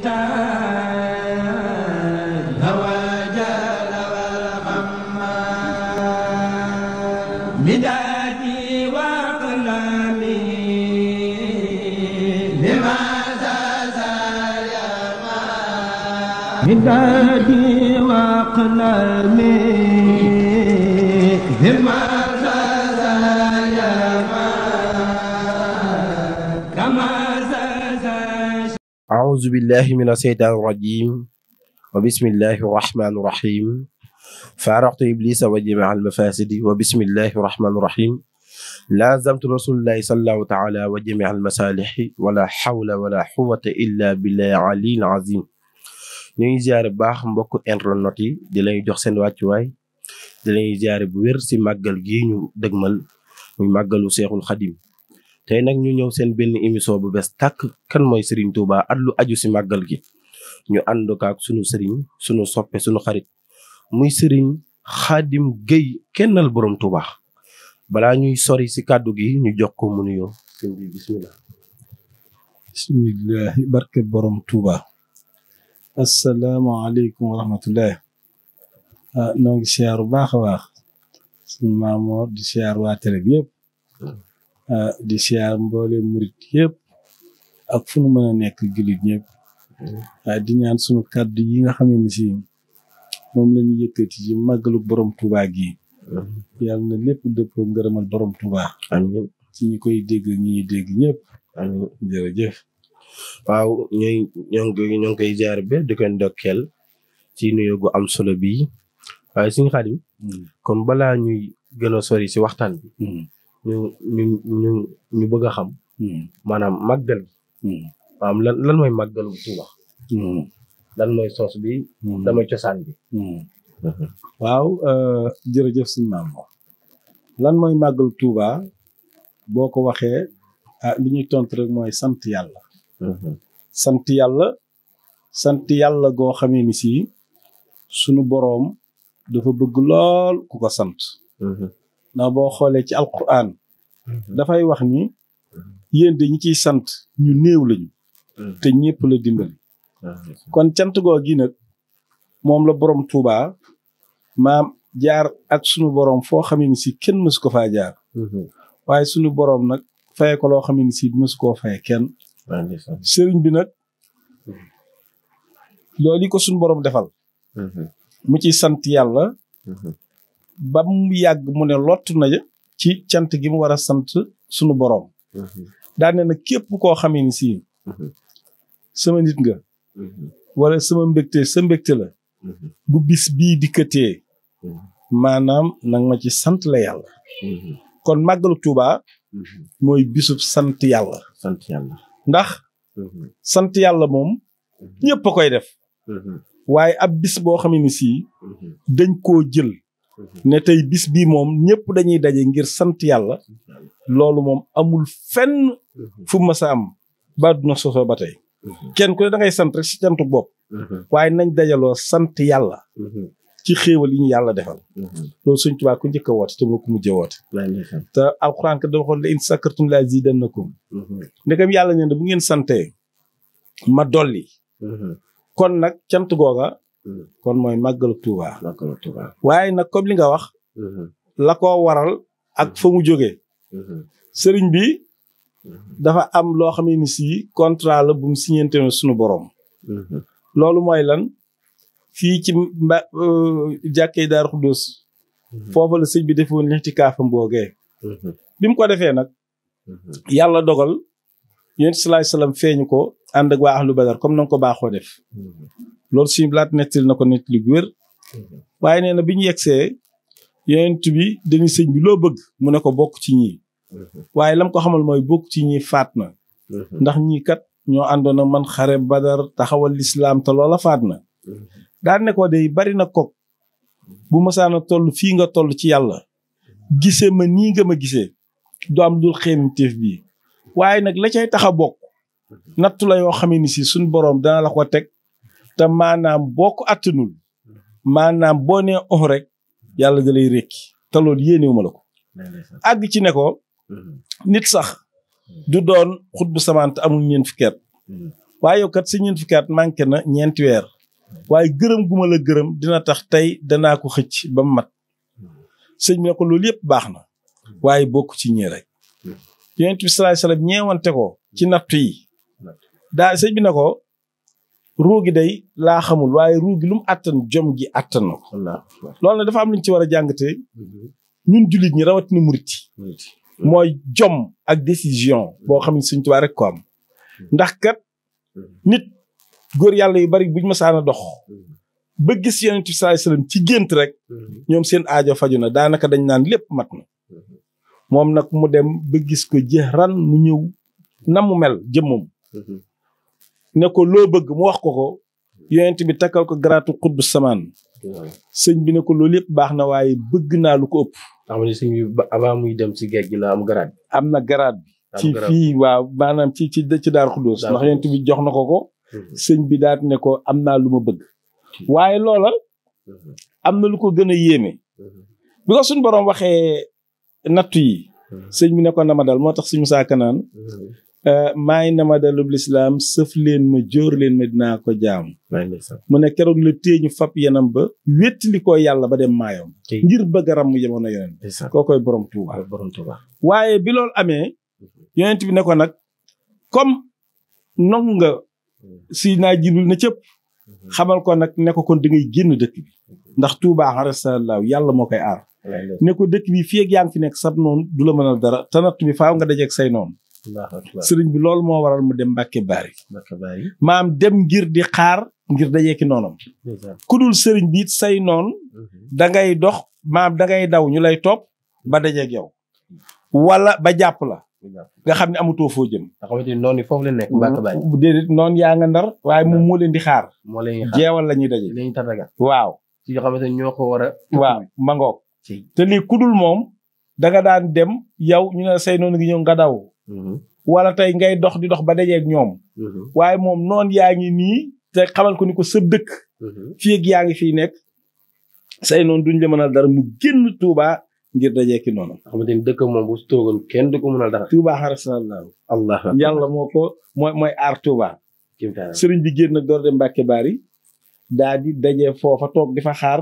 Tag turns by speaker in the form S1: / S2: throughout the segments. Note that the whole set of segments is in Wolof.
S1: daadi
S2: wa qalami أعوذ بالله من الشيطان الرجيم وبسم الله الرحمن الرحيم فارقت إبليس وجمع المفاسد وبسم الله الرحمن الرحيم لازمت رسول الله صلى الله تعالى وجمع المصالح ولا حول ولا قوة إلا بالله العلي العظيم ñu ngi ziare baax mbokk internet yi di lañu jox seen wàccuwaay di lañu ziare bu wér si màggal gii ñu dëgmal muy màggalu Seexul Xadim tey nag ñu ñëw seen benn émission bu bees tàkk kan mooy sëriñ Touba at lu aju si màggal gi ñu ànd ko ak sunu sëriñ sunu soppe sunu xarit muy sëriñ Serigne Khadim Gueye kennal borom Touba balaa ñuy sori si kàddu gi ñu jox ko mu nuyoo sëñ bi bisimilah. bisimilah barke borom Touba. asalaamaaleykum wa rahmatulah. ah noo bu baax a baax. suñu maamoor di siyaar waa télé bi yëpp. Ah, di siar mboole murit yépp ak fu nu mën nekk julit ñëpp ah, di ñaan suñu kaddu yi nga xamé ni ci mom lañu yëkëti ci maglu borom tuba gi yalla na lepp depp ngeeramal borom tuba amin ci ñi koy dégg ñi dégg dégg amin amiin jërëjëf waaw ñong gi ñong koy jaar be di ko ndokkel ci nuyu gu am solo bi waaye suñu Xaadim hmm. kon bala ñuy gëna sori si waxtan bi hmm. ñu ñu ñu ñu bëgg a xam. Hmm. maanaam màggal. Hmm. maanaam lan lan mooy màggalu Tuuba. Hmm. lan mooy soos bi. lan mooy cosaan bi. Mhm. waaw euh, jërëjëf suñu maam lan mooy màggalu Tuuba boo ko waxee ah, li ñuy tontu rek mooy sant yàlla. Mhm. sant yàlla sant yàlla goo xamee ni si sunu boroom dafa bëgg lool ku ko sant. Mhm. ndax boo xoolee ci alquran mhm. dafay wax ni yéen de ñi ciy sant ñu néew lañu mhm. te ñëpp la dimbali mhm. kon cant goo gi nag moom la boroom tuubaa maam jaar ak sunu boroom foo xamee si kenn mësu ko faa jaar waaye sunu boroom nag faye ko loo xamee ni si mësu koo faye kenn sëriñ bi nag loolu ko sunu borom defal mu ci sant yàlla ba mu yàgg mu ne lott na ci cant gi mu war a sant sunu boroom mhm. daane na képp koo xamee ni sii mhm. sama nit nga mhm. wala sama mbégte sa mbégte la bu bis bii dikkatee maanaam nang ma ci sant la yàlla kon màggalu Tuubaa mooy bisub sant yàlla sant ndax sant yàlla moom ñëpp a koy def waaye ab bis boo xamee sii dañ koo jël Mhm. ne tey bis bii moom ñëpp dañuy daje ngir sant yàlla loolu moom amul fenn mhm. fu ma masa am na soso ba tey mhm. kenn ku ne da sant rek si cantu bopp waaye nañ dajaloo sant yàlla ci xéewal yi ñu yàlla defal loolu suñ tubaab ku njëkk a woote te moo ko mujjee woote te alxuraan ka dafa waxoon la in sakartum na zidannakum ndegam yàlla ne bu ngeen santee ma dolli kon nag cant googa Hmm. kon mooy màggalu Touba. màggalu waaye nag comme li nga wax. Hmm. la ko waral ak hmm. fa mu jóge sëriñ bi dafa am loo xam ne si contrat la bu mu signante suñu boroom loolu mooy lan fii ci mba euh, jàkkee Daaru Xuddoos. foofa la sëñ bi defoon lixtikaafam boogee. bi mu ko defee nag. yàlla dogal. yonent salaay salaam feeñu ko ànd ak waa ahlu badar comme na nga ko baaxoo def. loolu suñu blaat nettali na ko nit li wér mhm. waaye nee na bi ñu yegsee yonent bi dañu sëñ bi loo bëgg mu ne ko bokk ci ñii
S1: mhm.
S2: waaye lam ko xamal mooy bokk ci ñi faat na mhm. ndax ñii kat ñoo àndoon man xare badar taxawal lislaam te loola faat na daan ne ko day bari na kook bu masaana toll fii nga toll ci yàlla gisee ma nii nga ma gisee du am dul xéemtéef bi waaye nag la cay tax a bokk nattu la yoo xamee ni si suñ boroom dana la ko teg te maanaam bokk ko attanul maanaam boo nee ox oh rek yàlla da rékki te loolu yéenewuma la ko àgg ci ne ko nit sax du doon xut bu amul ñeent fukki at waaye yow kat si ñeent fukki na ñeenti weer waaye gërëm guma la gërëm dina tax tey danaa ko xëcc ba mu mat sëñ bi ne ko loolu yëpp baax na waaye bokk ci ñi rek yonent bi salaay salaam ñeewante ko ci nattu yi daa sëñ bi ne ko ruugi day laa xamul waaye ruugi lu mu àttan jom gi àttan
S1: na
S2: dafa am lu ñu ci war a jàngate mhm. ñun jullit ñi rawatina murit mooy jom ak décision boo xam ne Sëñ Tuubaa rek ko am mhm. ndax kat mhm. nit góor yàlla yu bari buñ masaan a dox ba gis yenn bi sallallahu alayhi ci gént rek ñoom seen aajo faju na daanaka dañ naan lépp mat na moom nag mu dem ba gis ko jëran mu ñëw na mu mel jëmmam ne ko loo bëgg mu wax ko ko yonent bi takkal ko garaatu xutbu samaan sëñ bi ne ko loolu yëpp baax na waaye bëgg naa lu ko ëpp xam nga sëñ bi avant dem si géej gi la am garaat am na garaat bi ci fii waaw maanaam ci ci ci daar xudóos ndax yonent bi jox na ko ko hmm. sëñ bi daat ne ko am naa lu ma bëgg waaye loola hmm. am na lu ko gën a yéeme hmm. bi ko suñ boroom waxee nattu yi sëñ bi ne ko na ma dal moo tax suñu saakanaan Eh, may na ma delub lislaam sëf leen ma jóor leen ma ko jam mu ne keroog la téeñu fab yanam ba wettili ko yàlla ba dem maayom ngir bëgg mu ràmm jamono ko kookoy borom waaye bi loolu amee yonent bi ne ko nag comme nong nga si naa jilul na cëpp mhm. xamal ko nak ne ko kon da ngay génn dëkk bi mhm. ndax tuuba xarasalaaw yàlla moo koy aar ne ko dëkk bi fii ak fi sab non du la dara tanat bi faaw nga dajeeg say noonu sëriñ bi loolu moo waral mu dem Mbàkke Baari maam dem ngir di xaar ngir dajeeki noonam ku dul sëriñ bi say noon mhm. dangay dox maam da ngay daw ñu lay topp ba dajeek yow walla ba jàpp la nga xam ne amutoo foo jëm. nga xamante ni noonu foofu la nekk Mbacke Baye. Mm, déedéet noonu yaa nga ndar. waaye moom moo leen di xaar. moo leen jeewal la ñuy daje. li ñu tàggat waaw. ci xamante ni ñoo ko war a. waaw mangoog. te lii kudul moom. danga nga daan dem yow ñu ne say noonu gi ñëw nga daw. Mm-hmm. wala tey ngay dox di dox ba dajeeg ñoom. Mm-hmm. waaye moom noon yaa ngi nii te xamal ko ni ko sa dëkk. Mm-hmm. fii ak yaa ngi fii nekk. say noonu duñ la mënal dara mu génn Touba ngir dajeeg ki noonu. xamante ni dëkk moom bu toogoon kenn du ko mënal dara. Touba xarasal allah yàlla moo ko mooy mooy aar Touba. sëriñ bi génn door dem Mbàkke Baari daa di daje foofa toog di fa xaar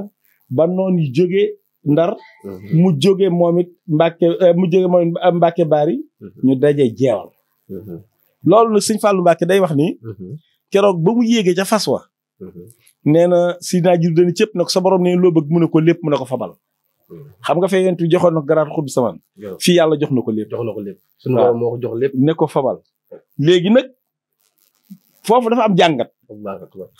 S2: ba noon yi jógee ndar mhm. mu jóge moom it Mbàkke euh, mu jóge moom it euh, Baari mhm. ñu daje jeewal mhm. loolu nag sëñ Fallou Mbàkke day wax ni keroog ba mu yéegee ca fas wa nee na si naa jir dana cëpp na sa borom ne loo bëgg mu ne ko lépp mu ne ko fabal xam nga fee yentu joxoon na ko garaat fii yàlla jox na ko lépp jox na ko lépp suñu moo ko jox lépp ne fabal léegi nag foofu dafa am jàngat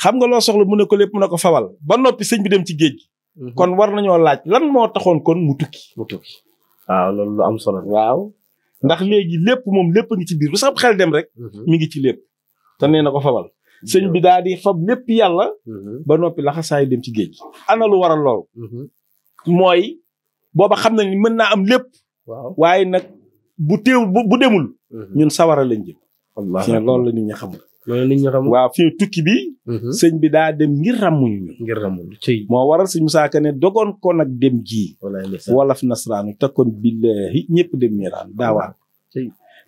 S2: xam nga loo soxla mu ne ko lépp mu ne ko fabal ba noppi sëñ bi dem ci géej Mhm. kon war nañoo laaj lan moo taxoon kon mu tukki. mu tukki waaw loolu lu am solo. waaw ndax léegi lépp moom lépp ngi ci biir bu sax xel dem rek. Mhm. mi ngi ci lépp. te nee na ko fabal. Mhm. sëñ bi daal di fab lépp yàlla. ba noppi laxasaay dem ci géej ana lu waral lool. mooy booba xam na ni mën naa am lépp. waaw waaye nag bu teew bu demul. ñun sawara lañ jëm. wallaahi loolu la nit ñi xamul. loolu nit ñi waaw fii tukki bi. Mhm. sëñ bi daa dem ngir ràmmuñu ñu. ngir ràmmuñu moo waral sëñ Musaa Ka ne dogoon ko nag dem ji. wolof nasaraanu te kon billaahi ñëpp dem niiraan daawaan.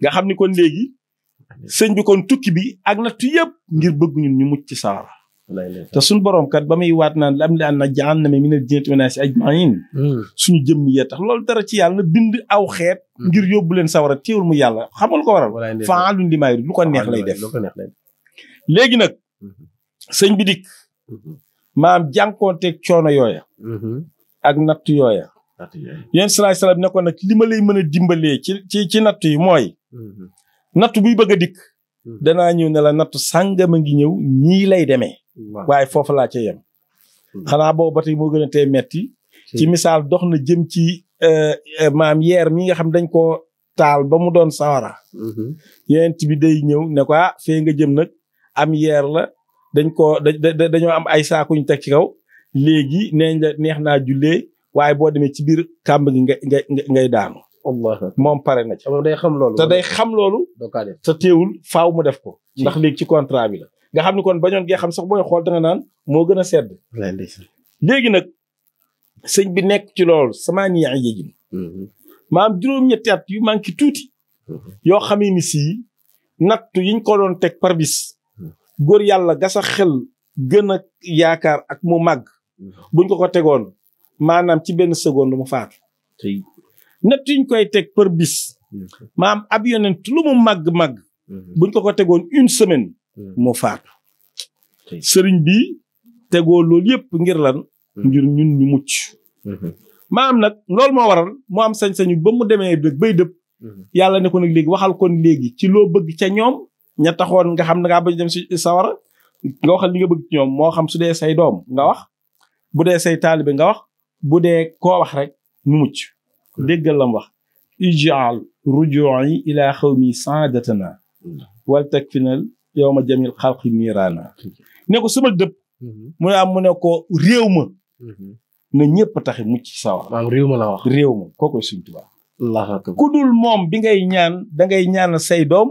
S2: nga xam ni kon léegi. sëñ bi kon tukki bi ak nattu yëpp ngir bëgg ñun ñu mucc ci sawara. te suñu borom kat ba muy waat naan lam li an na jaan na mi ne jinnati wan naasi ajmaïn hmm. suñu jëmm yee tax loolu dara ci yàlla na bind aw xeet. Hmm. ngir yóbbu leen sawara teewul mu yàlla xamal ko waral. faalun limaa yuriid lu ko neex lay def. léegi nag mhm. sëñ bi dikk mhm. maam jànkoonteeg coono yooya mhm. ak natt yooya yéen salaay salaam nag li ma lay mën a dimbalee ci ci ci natt yi mooy nattu buy bëgg a dikk danaa ñëw ne nattu natt sàngam a ngi ñëw nii lay demee waaye foofu laa ca yem xanaa boobu ba tey moo gën a tee metti ci misaal dox na jëm ci eh, eh, maam yeer mi nga xam dañ koo taal ba mu doon sawara yonent bi day ñëw ne ah fee nga jëm nag am yeer la dañ koo da dañoo am ay saakuñ teg ci kaw léegi neeñ la neex naa jullee waaye boo demee ci biir kàmb gi nga nga ngay daanu moom pare na ci day xam loolu te day xam loolu te teewul faaw mu def ko ndax léegi ci contrat bi la nga xam ni kon bañoon gee xam sax booy xool da nga naan moo gën a sedd léegi nag sëñ bi nekk ci loolu sama niyaa yéegin mm-hmm. maam juróom-ñetti at yu manqué tuuti
S1: mm-hmm.
S2: yoo xamee ni sii nattu yiñ ko doon teg par góor yàlla gasa xel gën a yaakaar ak mu màgg buñ ko ko tegoon maanaam ci benn seconde mu faatu nett yuñ koy teg par bis maanaam ab yonent lu mu màgg-màgg mhm. buñ ko ko tegoon une semaine mhm. mu faatu sëriñ bi tegoo loolu yëpp ngir lan mhm. ngir ñun ñu mucc maanaam nag loolu moo waral mu am sañ-sañu ba mu demee dëkk bay dëpp yàlla ne ko nag léegi waxal kon léegi ci loo bëgg ca ñoom ña taxoon nga xam ne ngaa bañ dem si sawara nga waxal li nga bëgg ci ñoom moo xam su dee say doom nga wax bu dee say taalibe nga wax bu dee koo wax rek mu mucc déggal lam wax ijaal ruju'i ila xawmi saadatana wal takfinal yawma jamil xalqi miiraana ne ko sama dëpp mhm. mu ne mu ne ko réew ma mhm. na ñëpp taxi mucc sawar waaw réew ma réew ma kookoy ku dul moom bi ngay ñaan dangay ñaan say doom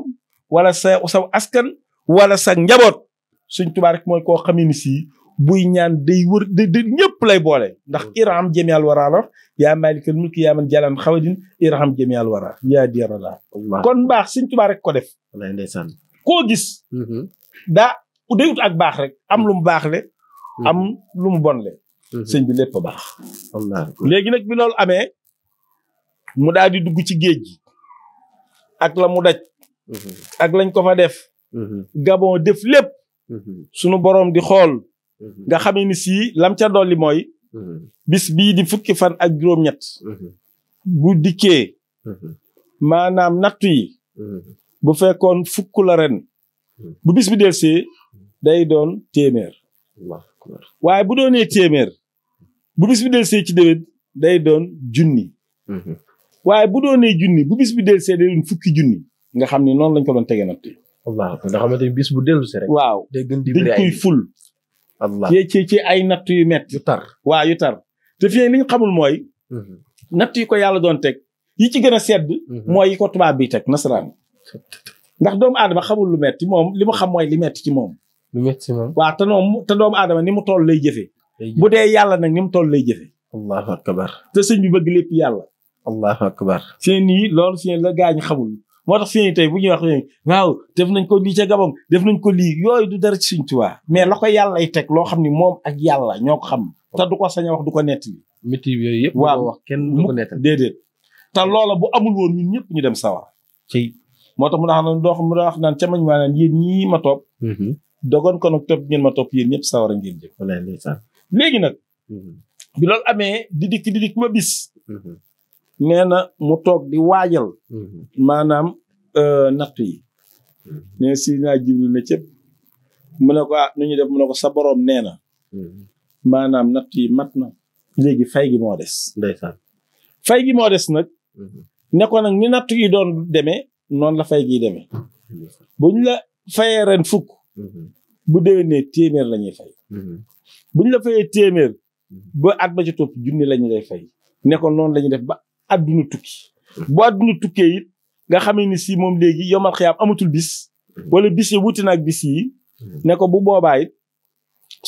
S2: wala sa saw askan wala sa njaboot suñ tubaa rek mooy koo xamee ni si buy ñaan day wër da da ñëpp lay boole ndax mm. irham jamial wara la yaa maalikal mulki yaa man jalan xawadin irham jamial wara yaa diarala kon baax suñ tubaa rek ko def ndeysaan koo gis mm-hmm. daa u ut ak baax rek am lu mu baax le mm-hmm. am lu mu bon le mm-hmm. sëñ bi lépp baax léegi nag bi loolu amee mu daal di dugg ci géej gi ak la mu daj Mm-hmm. ak lañ ko fa def. Mm-hmm. Gabon def lépp. Mm-hmm. sunu borom di xool. nga xam ni si lam ca dolli mooy. bis bii di fukki fan ak juróom-ñett. bu dikkee. maanaam nattu yi. bu fekkoon fukk la ren. bu bis bi delsee day doon téeméer. waaye bu doonee téeméer. bu bis bi delsee ci déwén day doon junni. waaye bu doonee junni bu bis bi delsee day doon fukki junni. nga xam ni noonu lañ ko doon tege natt yi. waaw nga xamante ni bis bu dellu si waaw day
S1: gën di bëri ay dañ koy
S2: ful. ci ay natt yu metti yu tar waaw yu tar te xamul mooy. Mhm. natt yi ko yàlla doon teg yi ci gën a sedd. Mhm. mooy yi bi teg nasaraan. ndax doomu aadama xamul lu metti moom li mu xam li metti ci moom. lu metti ci moom waaw te noom te doomu aadama ni mu toll lay jëfee. bu dee yàlla nag ni mu toll lay jëfee. allahu akbar te sëñ bi bëgg lépp yàlla. allahu akbar seen yi loolu seen la gaañ xamul. moo tax fii tey bu ñuy wax waaw def nañ ko lii ca gabam def nañ ko lii yooyu du dara ci Sëñ Tuubaa mais la ko yàllay teg loo xam ni moom ak yàlla ñoo ko xam te du ko wax du ko nettali métier yooyu yëpp waaw wax kenn du ko nettali déedéet te loola bu amul woon ñun ñëpp ñu dem sawar ci moo tax mu daa xam doo xam mu daa wax naan ca mañ maa naan yéen ñii ma topp mhm. dogoon ko nag topp ngeen ma topp yéen ñëpp sawar a ngeen jëm léegi nag mhm. bi loolu amee di dikk di dikk ba bis mhm. nee na mu toog di waajal mhm. maanaam euh, natt yi mhm. nee si naa jibril ne cëpp mu ko ah, ñu def mu sa boroom nee na mhm. maanaam natt yi mat na léegi fay gi moo des ndeysaan fay gi moo des nag ne nag ni natt yi doon demee noonu la fay gi demee buñ la fayee ren fukk bu déwénee téeméer la ñuy fay la fayee téeméer ba at ba junni lañu lay fay ne ko noonu def ba adduna tukki bu adduna tukkee it nga xamee ni si moom léegi yomal xiyaam amatul bis wala bis yi wuti na ak bis yi ne ko bu boobaay it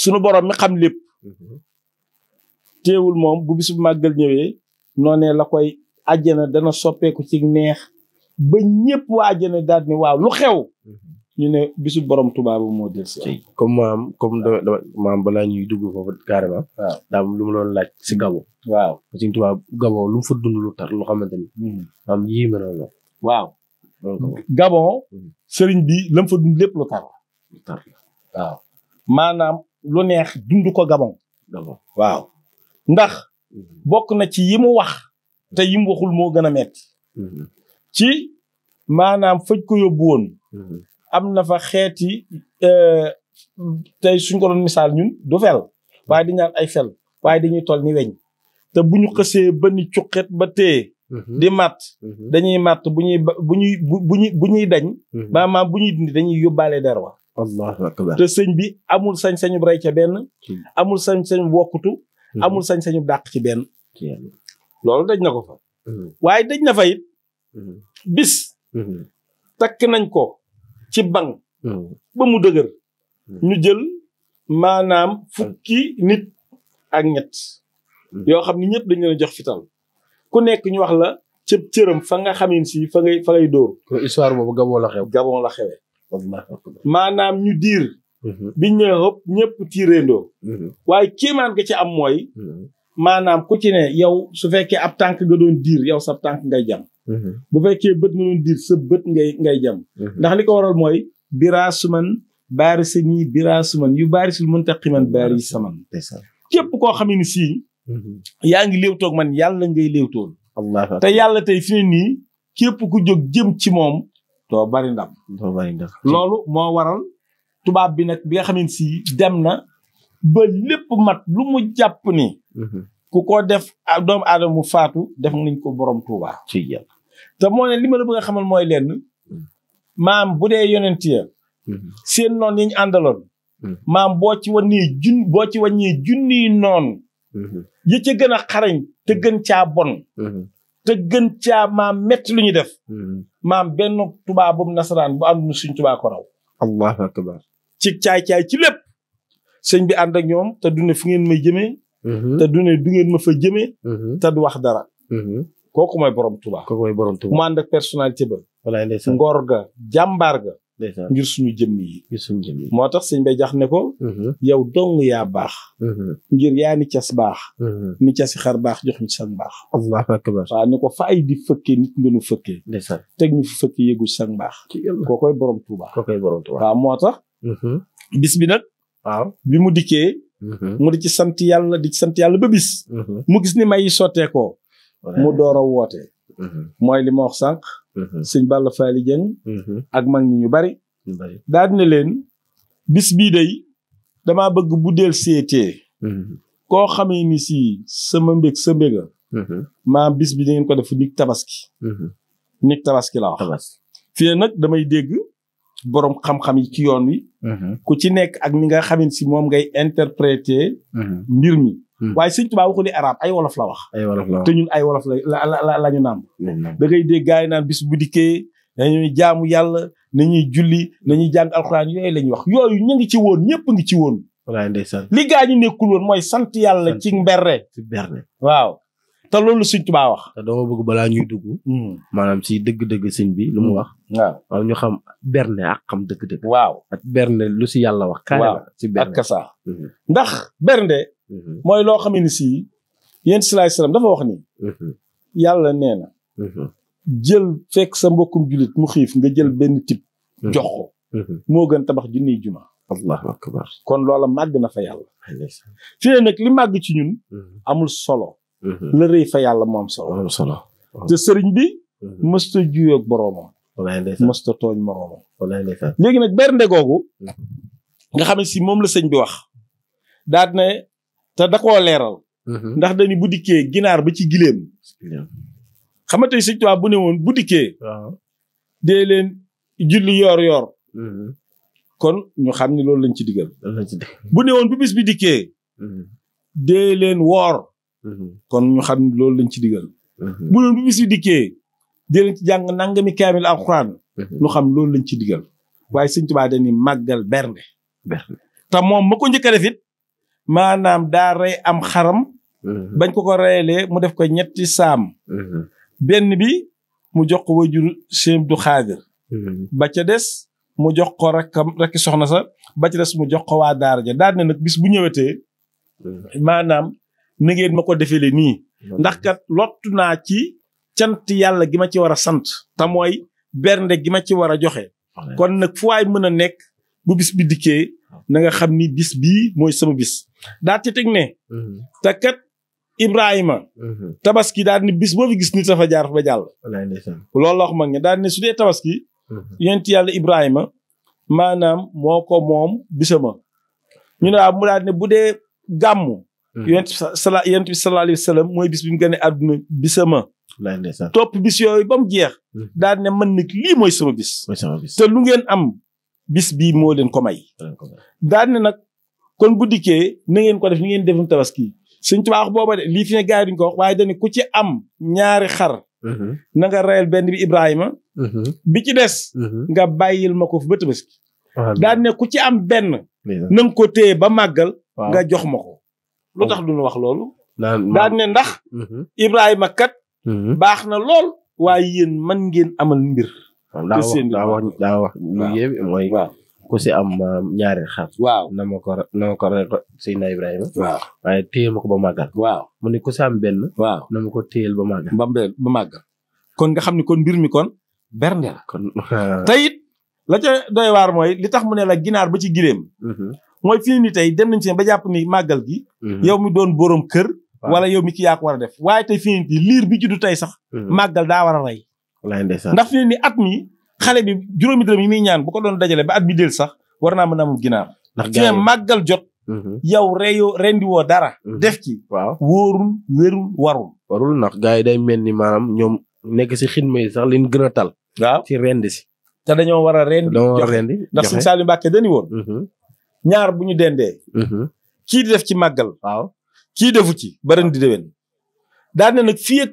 S2: sunu borom mi xam lépp teewul moom bu bisu màggal ñëwee noonee la koy àjjana dana soppeeku ci neex ba ñépp waa àjjana daal ni waaw lu xew ñu ne bisu boroom tubaabu moo del si comme maam comme balaa ñuy dugg foofu carrément. waaw daa lu mu doon laaj si Gabo. waaw suñ tubaab Gabo lu dund lu tar loo xamante ni. Hmm. maam hmm. bi la mu fa dund lépp lu tar. lu tar waaw. maanaam lu neex dund ko Gabon. waaw. ndax hmm. bokk na ci yi mu waxul moo gën a metti ci maanaam faj ko yóbbu am na fa xeeti euh, tey suñ ko doon misaal ñun du fel waaye di ñaan ay fel waaye dañuy toll ni weñ te bu ñu xësee ba ni cuqet ba téye
S1: mhm. di màtt mhm.
S2: dañuy mat bu ñuy bu ñuy bu ñuy bu dañ maanaam mhm. bu ñuy dindi dañuy yóbbaale der wa te sëñ bi amul sañ-sañu rey ca benn hmm. amul sañ-sañu wokkutu hmm. amul sañ-sañu dàq ci benn loolu dañ na ko fa hmm. waaye dañ na fa it bis takk nañ ko ci banque hmm. ba mu dëgër
S1: hmm.
S2: ñu jël maanaam fukki nit ak ñett hmm. yoo xam ni ñëpp dañu leen jox fital ku nekk ñu wax la cëb cëram fa nga xamin si fa ngay fa ngay dóor histoire boobu gabon la xew gabon la xewe maanaam ñu diir biñ ñëw ëpp ñëpp tiireendoo waaye kéemaan ga ci am mooy maanaam ku ci ne yow su fekkee ab tànk nga doon diir yow sa tànk ngay jam mhm. bu fekkee bët nga doon diir sa bët ngay ngay jam mhm. ndax li ko waral mooy biraasuman baari sa nii biraasuman yu baari sul muntaqiman baari saman képp koo xam ne sii mhm. yaa ngi léewtoog man yàlla ngay léewtool te yàlla tey fi ne nii képp ku jóg jëm ci moom doo bari ndam loolu moo waral tubaab bi nag bi nga xam ne sii dem na ba lépp mat lu mu jàpp ni Mhm. ku ko def ah, doomu aadama mu faatu def nañ ko borom tuuba ci yàlla te moo ne li ma la bëgg a mooy lenn mhm. maam bu dee yonent ya mhm. seen noon yi ñu maam boo ci wàññee jun boo ci wàññee junni noon ya ca gën a xarañ te gën caa bon te gën caa maam metti lu ñu def maam benn tubaa bu nasaraan bu ànduna suñ tubaa ko raw ci caay-caay ci lépp sëñ bi ànd ak ñoom te dune fu ngeen may jëme Mm-hmm. te du du ngeen ma fa jëmee. Mm-hmm. te wax dara. Mm-hmm. kooku mooy borom Touba. kooku mooy borom Touba mu ànd ak ba. walaay ga jàmbaar ga. ngir suñu
S1: jëmm yi. ngir moo
S2: tax sëñ bay jax ne ko. yow dong yaa baax. ngir yaa ni cas baax. ni casi xar baax jox ñu sang baax. allah akbar waaw ni ko fa ay di fëkkee nit nga nu fëkkee. ndeysaan teg ñu fi fëkkee yëgu sang baax. kookoy borom borom Touba waaw moo tax. bis bi nag. bi mu dikkee. Mm-hmm. mu di ci sant yàlla di ci sant yàlla ba bis mm-hmm. mu gis ni may yi sotteekoo mu door a woote mm-hmm. mooy li ma wax sànq sëñ Balla Faali Jëng ak mag ñi ñu bari daal dina leen bis bii day damaa bëgg bu del seetee koo xamee ni si sama mbég sa mbéga maa bis bi da ngeen ko def nig tabaski nig tabaski laa wax fii nag damay dégg boroom xam-xam yi ci yoon wi. Mhm. ku ci nekk ak mi nga xamante si moom ngay interpréter. Mhm. mbir mi. Mhm. waaye sëñ Tuubaa waxu li ay wolof la wax. ay wolof la wax te ñun ay wolof la la la ñu nàmb. da ngay dégg gaay naan bis bu dikkee dañuy jaamu yàlla na ñuy julli na ñuy jàng alxuraan yooyu la ñuy wax yooyu ñu ngi ci woon ñëpp ngi ci woon. walaay ndeysaan li gaa ñu nekkul woon mooy sant yàlla ci mberne. ci mberne waaw. te loolu sëñ Tuubaa wax. te dama bëgg balaa ñuy dugg. Hmm. maanaam si dëgg-dëgg sëñ bi lu mu hmm. wax. waaw ñu xam berne ak xam dëgg-dëgg. waaw ak bernde lu si yàlla wax. waaw si bernde ak kasa. Hmm. ndax bernde. mooy loo xam ne si yéen si laay salaam dafa wax ni. yàlla nee jël fekk sa mbokkum jullit mu xiif nga jël benn tib. jox ko. moo gën tabax junniy juma. allahu akbar kon loola màgg na fa yàlla. fi ne nag li màgg ci ñun. amul solo. Mhm. la rëy fa yàlla moom solo solo te sëriñ bi mhm. mësta juyoog boroomam mësta tooñ moroomam léegi nag bernde googu mhm. nga xam ne si moom la sëñ bi wax daal na te da koo leeral ndax dañu bu dikkee ginaar ba ci gileem xam sëñ Tuubaa bu ne woon bu dikkee dee leen julli yoor yoor kon ñu xam ni loolu lañ ci digal bu ne woon bis bi dikkee dee woor Mhm. kon ñu xam loolu lañ ci digal mhm. bu doon bu bis bi di jëleen ci jang nangami kamil alquran mhm. lu xam loolu lañ ci digal waaye seigne touba dañuy màggal bernde te moom ma ko njëkk a def it am xaram bañ ko ko reyalee mu def ko ñetti sam ben bi mu jox ko wajur sëñ du khadir ba ca dess mu jox ko rakkam rakki soxna sa ba ca dess mu jox ko wa daara ja daal ne bis bu ñëwetee maanaam na ngeen mako defele ni ndax kat lotu na ci tiant yalla gi ci wara sant te bernde gi ma ci wara joxe kon nak fuway meuna nek bu bis bi dikke na nga xamni bis bi moy sama bis da ci ne mhm. ta kat ibrahima mhm. tabaski da ni bis bo fi gis nit dafa jaar fa jall wax mag ni da ni sude tabaski mhm. yent yalla ibrahima manam moko ko bisama ñu ne mu da ni budé gamu Hmm. yonent sala yonent bi sallallahu alayhi wa sallam mooy bis bi mu gën a àdduna bisama topp bis yooyu ba mu jeex hmm. daal ne man nag lii mooy sama bis te lu ngeen am bis bii moo leen ko may daal ne nag kon bu dikkee na ngeen ko def ni ngeen defum tabaski suñ tubaax booba de lii fi ne gars duñ ko waaye dañu ku ci am ñaari xar hmm. na nga benn bi Ibrahima bi ci des nga bàyyil ma ko fi ba tabaski daal ne ku ci am benn na ko téye ba màggal nga jox ma ko lu tax duñu wax loolu daan ne ndax mhm. Ibrahima kat mhm. baax na lool waaye yéen man ngeen amal mbir daa wax daa wax si am um, ñaari xar waaw na ma ko na ma ko Ibrahima waaw waaye téyel ma ko ba màggal waaw mu ne ku si am benn waaw na ma ko téyel ba màggal ba ba kon nga xam ne kon mbir mi kon bernde la kon teyit la ca doy waar mooy li tax mu ne la ginaar ba ci gileem mhm. mooy fii ni tey dem nañ ci ba jàpp ni màggal gi mhm. yow mi doon boroom kër wala yow mi ki yaa war a def waaye tey fii ni liir bi juddu tey sax mhm. màggal daa war a rey ndax fii ni at mi xale bi juróomi dërëm yi muy ñaan bu ko doon dajale ba at bi del sax war naa mën a amum ginaar fii màggal jot mhm. yow reyo rendi woo dara def ci waaw wóorul wérul warul warul ndax gars yi day mel ni maanaam ñoom nekk si xidma may sax liñ gën a tal waaw ci rendi si te dañoo war a rendi joxe ndax suñu Saliou Mbacke dañu woon ñaar bu ñu dendee. Mhm. kii def ci magal waaw ki defu ci baran di dewen daan na nak fi ak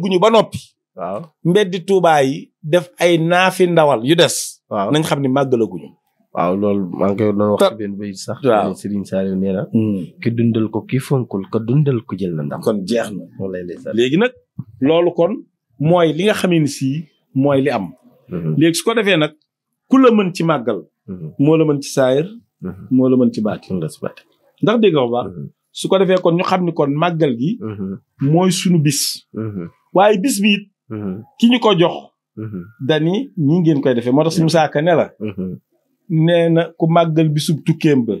S2: guñu ba nopi waaw mbeddi Touba yi def ay nafi ndawal yu dess waaw nañ xamni magal guñu waaw loolu ma ngi do wax ci ben bay sax. Serigne Saliou neena hmm. ki dundal ko ki fonkul ko dundal ko jël na ndam. kon jeex na legi nak loolu kon moy li nga xamni si moy li am. Mhm. legi su ko defé nak kula mën ci magal mo mhm. la mën ci saayir Mhm. moo la mën ci baat ndax dégg nga mhm. su ko defee kon ñu xam ni kon màggal gi mhm. mooy sunu bis waaye bis bi it ki ñu ko jox dani ñi ngeen koy defee moo tax su Musaa Ka ne la nee na ku màggal bisub tukkeem ba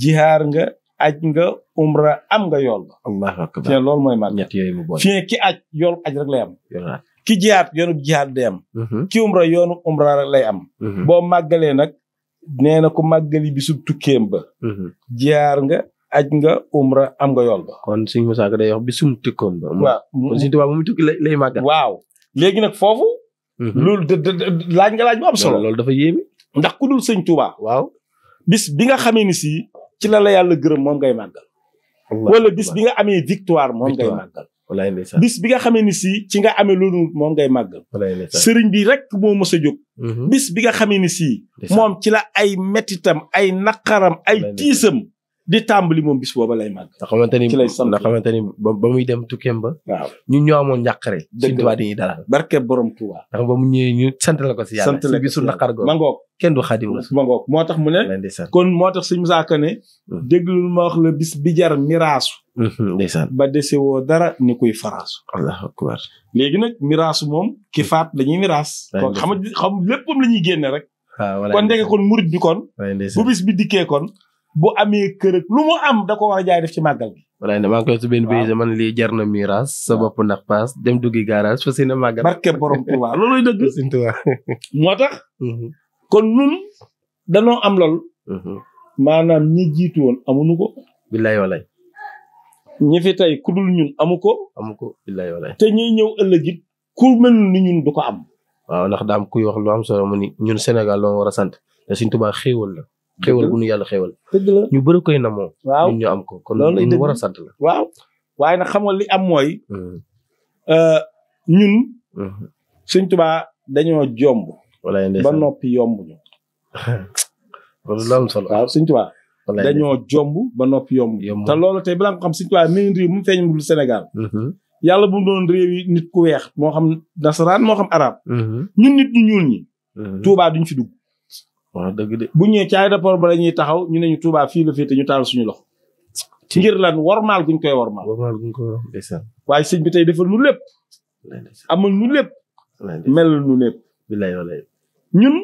S2: jihaar nga aj nga umra am nga yool ba allahu akbar fii loolu mooy màggal fii ki aj yool aj rek lay am ki jihaat yoonub jihaat day am ki umra yoonu umra lay am boo màggalee nag nee na ku màggali bisub tukkeem ba. Mhm. jaar nga aj nga umra am nga yool ba. kon suñu musaaka day wax bisum tukkoom ba. waaw kon suñu tubaab bu muy tukki lay lay màggal. waaw léegi nag foofu. Mhm. loolu da laaj nga laaj bu am solo. loolu dafa yéeme. ndax ku dul sëñ Tuubaa. waaw bis bi nga xamee ni si ci la la yàlla gërëm moom ngay màggal. wala bis bi nga amee victoire moom ngay màggal. bis bi nga xamee ni si ci nga amee loolu moom ngay màgg sëriñ bi rek moo mës a jóg mhm. bis bi nga xamee ni si moom ci la ay metitam ay naqaram ay tiisam di tàmbali moom bis booba lay màgg. nga xamante ni nga xamante ni ba ba muy dem tukkeem ba. waaw ñun ñoo amoon njàqare. dëgg la dañuy dalal. barke borom Touba. ndax ba mu ñëwee ñu sant la ko si yàlla. sant la ko si bisu naqar googu. ma ngoog kenn du xaadim rasul. ma ngoog moo tax mu ne. kon moo tax suñu saaka ne. Hmm. déglul ma wax la bis bi jar miraasu. Hmm, ndeysaan ba dese woo dara ni kuy faraasu.
S1: allahu akbar.
S2: léegi nag miraasu moom ki faat dañuy miraas. kon xam xam léppam la ñuy génne rek. Ah, kon ndege kon mu bi kon bu bis bi dikkee kon bu amé kër ak lu mu am da ko wara jaay def ci magal bi. walaay damaa koy su ben paysane man li jar na miiras sa bop nak pass dem duggi garage fas yéene màggal. barke borom Touba looluy dëgg. sëñ Touba motax kon nun danoo am lool. manam mhm. ñi jitu won amunu ko. billahi walay ñi fi tay ku dul ñun amu ko. amu ko billaay walaay. te ñi ñew ëllëg it ku mel ni ñun du ko am. waaw ndax da am kuy wax lu am solo mu ni ñun Sénégal lo wara sante sant te sëñ Touba xéewal la. xéwal bu nu yàlla xéwal. dëgg la ñu bëri koy namoo. waaw ñun ñu am ko kon loolu ñu war a sant la. waaw waaye nag xam nga li am mooy. Hmm. Euh, ñun. Hmm. suñ tubaa dañoo jomb. ba noppi yomb ñu. loolu la am solo. waaw suñ ba noppi yomb. te loolu tey balaa nga xam suñ tubaa mu feeñ mu dul hmm. yàlla bu mu doon nit ku weex moo xam nasaraan moo xam arab ñun nit ñu ñuul ñi. tuubaa duñ fi dugg. waaw dëgg de bu ñëwee ci aéroport ba la ñuy taxaw ñu ne ñu Touba fii la féete ñu taal suñu loxo. ngir lan wormaal guñ koy wormaal. wormaal guñ koy wormaal. waaye sëñ bi tey defal nu lépp. amul nu lépp. melal nu lépp. bilaay walaay ñun.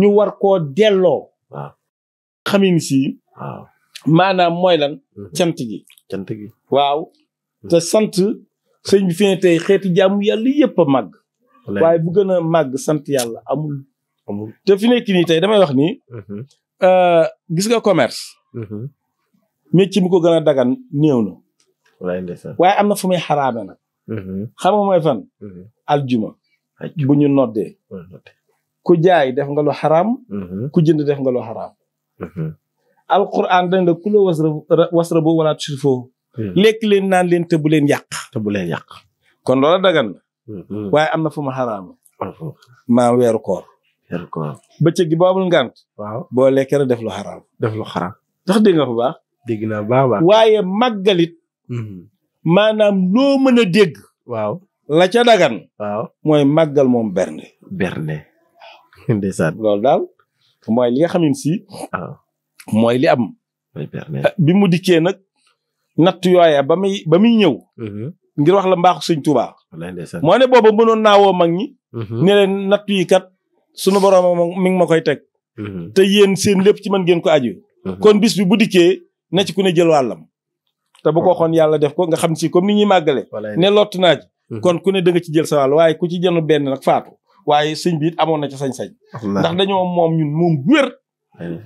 S2: ñu war koo delloo. waaw xamin si. maanaam mooy lan. Mhm. cant gi. cant gi waaw. Mhm. te sant sëñ bi fi tey xeeti jaamu yàlla yëpp a màgg. waaye bu gën a màgg sant yàlla amul te fi nekk nii tey damay wax ni. Mhm. Euh, gis nga commerce. Mhm. métier mu ko gën a dagan néew na. waaye am na fu muy xaraame nag. Mhm. xam fan. aljuma. bu ñu noddee. ku jaay def nga lu xaraam. ku jënd def nga lu xaraam. alquran dañ la ku la wasra boobu wala tuuti foofu. lekk leen naan leen te bu leen yàq. te leen yàq. kon loola dagan waaye am na fu mu xaraam. maam weeru koor. d'accord bëccëg gi boo ngant waaw boo lekkee na def lu xaraam def lu xaraam ndax dégg nga ko baax dégg naa baax baax waaye màggalit mhm. maanaam loo mën a dégg waaw la ca dagan waaw mooy màggal moom bernde bernde ndeysaan loolu daal mooy li nga xam si waaw mooy li am ah, bi mu dikkee nag natt yooya ba muy ba muy ñëw mhm. ngir wax la mbaaxu ne mhm. ne yi kat sunu borom mi ngi ma koy teg. Mm-hmm. te yéen seen lépp ci man ngeen ko aju. Mm-hmm. kon bis bi bu dikkee na ci ku ne jël wàllam. te bu ko waxoon yàlla def ko nga xam si comme ni ñuy màggale. ne lott naaj mm-hmm. kon ku ne da nga ci jël sa wàll waaye ku ci jënd benn nag faatu. waaye sëñ bi it amoon na ci sañ-sañ. ndax dañoo moom ñun moom wér.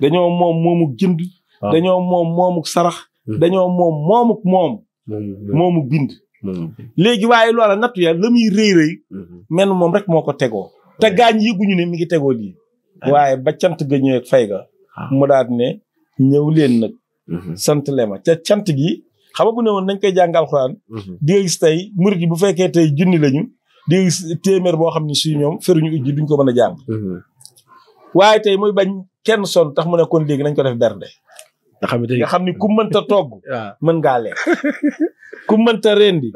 S2: dañoo moom moomuk jënd. Ah. dañoo moom moomuk sarax. dañoo moom moomuk moom. moomuk bind. léegi waaye loola nattu ya la muy rëy rëy. men moom rek moo ko tegoo. te gaañ ñu ne mi ngi tegoo lii. waaye ba cant ga ñëwee fay ga. Ah. mu daal ne ñëw leen nag. Mhm. sant leen ma ca cant gi. xam nga bu ne woon nañ koy jàng alxuraan. Mhm. di nga gis tey murid yi bu fekkee tey junni lañu. di nga gis téeméer boo xam ne suy ñoom feruñu ujji duñ ko mën a jàng. Mhm. waaye tey muy bañ kenn son tax mu ne kon léegi nañ ko def bernde. nga xam ne nga xam ni ku mënta togg. waaw mën ngaa lekk ku mënta rendi.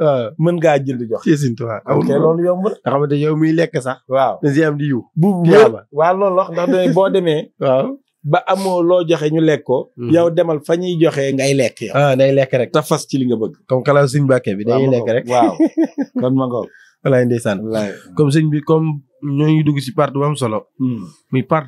S2: mën ngaa jënd jox. ci Sëriñ Tuubaa ok loolu yomb na. nga xamante yow muy lekk sax. waaw da bu bu waaw loolu wax ndax damay boo demee. ba amoo loo joxe ñu lekk ko. Hmm. yow demal fa ñuy joxe ngay lekk yow. Ah, day lekk rek. te fas ci li nga bëgg. comme kalaaw Sëriñ Mbàkke bi day lekk rek. waaw kon ma ngoog. walaay ndeysaan. comme sëñ bi comme ñoo ngi dugg si part bu am solo. Hmm. muy part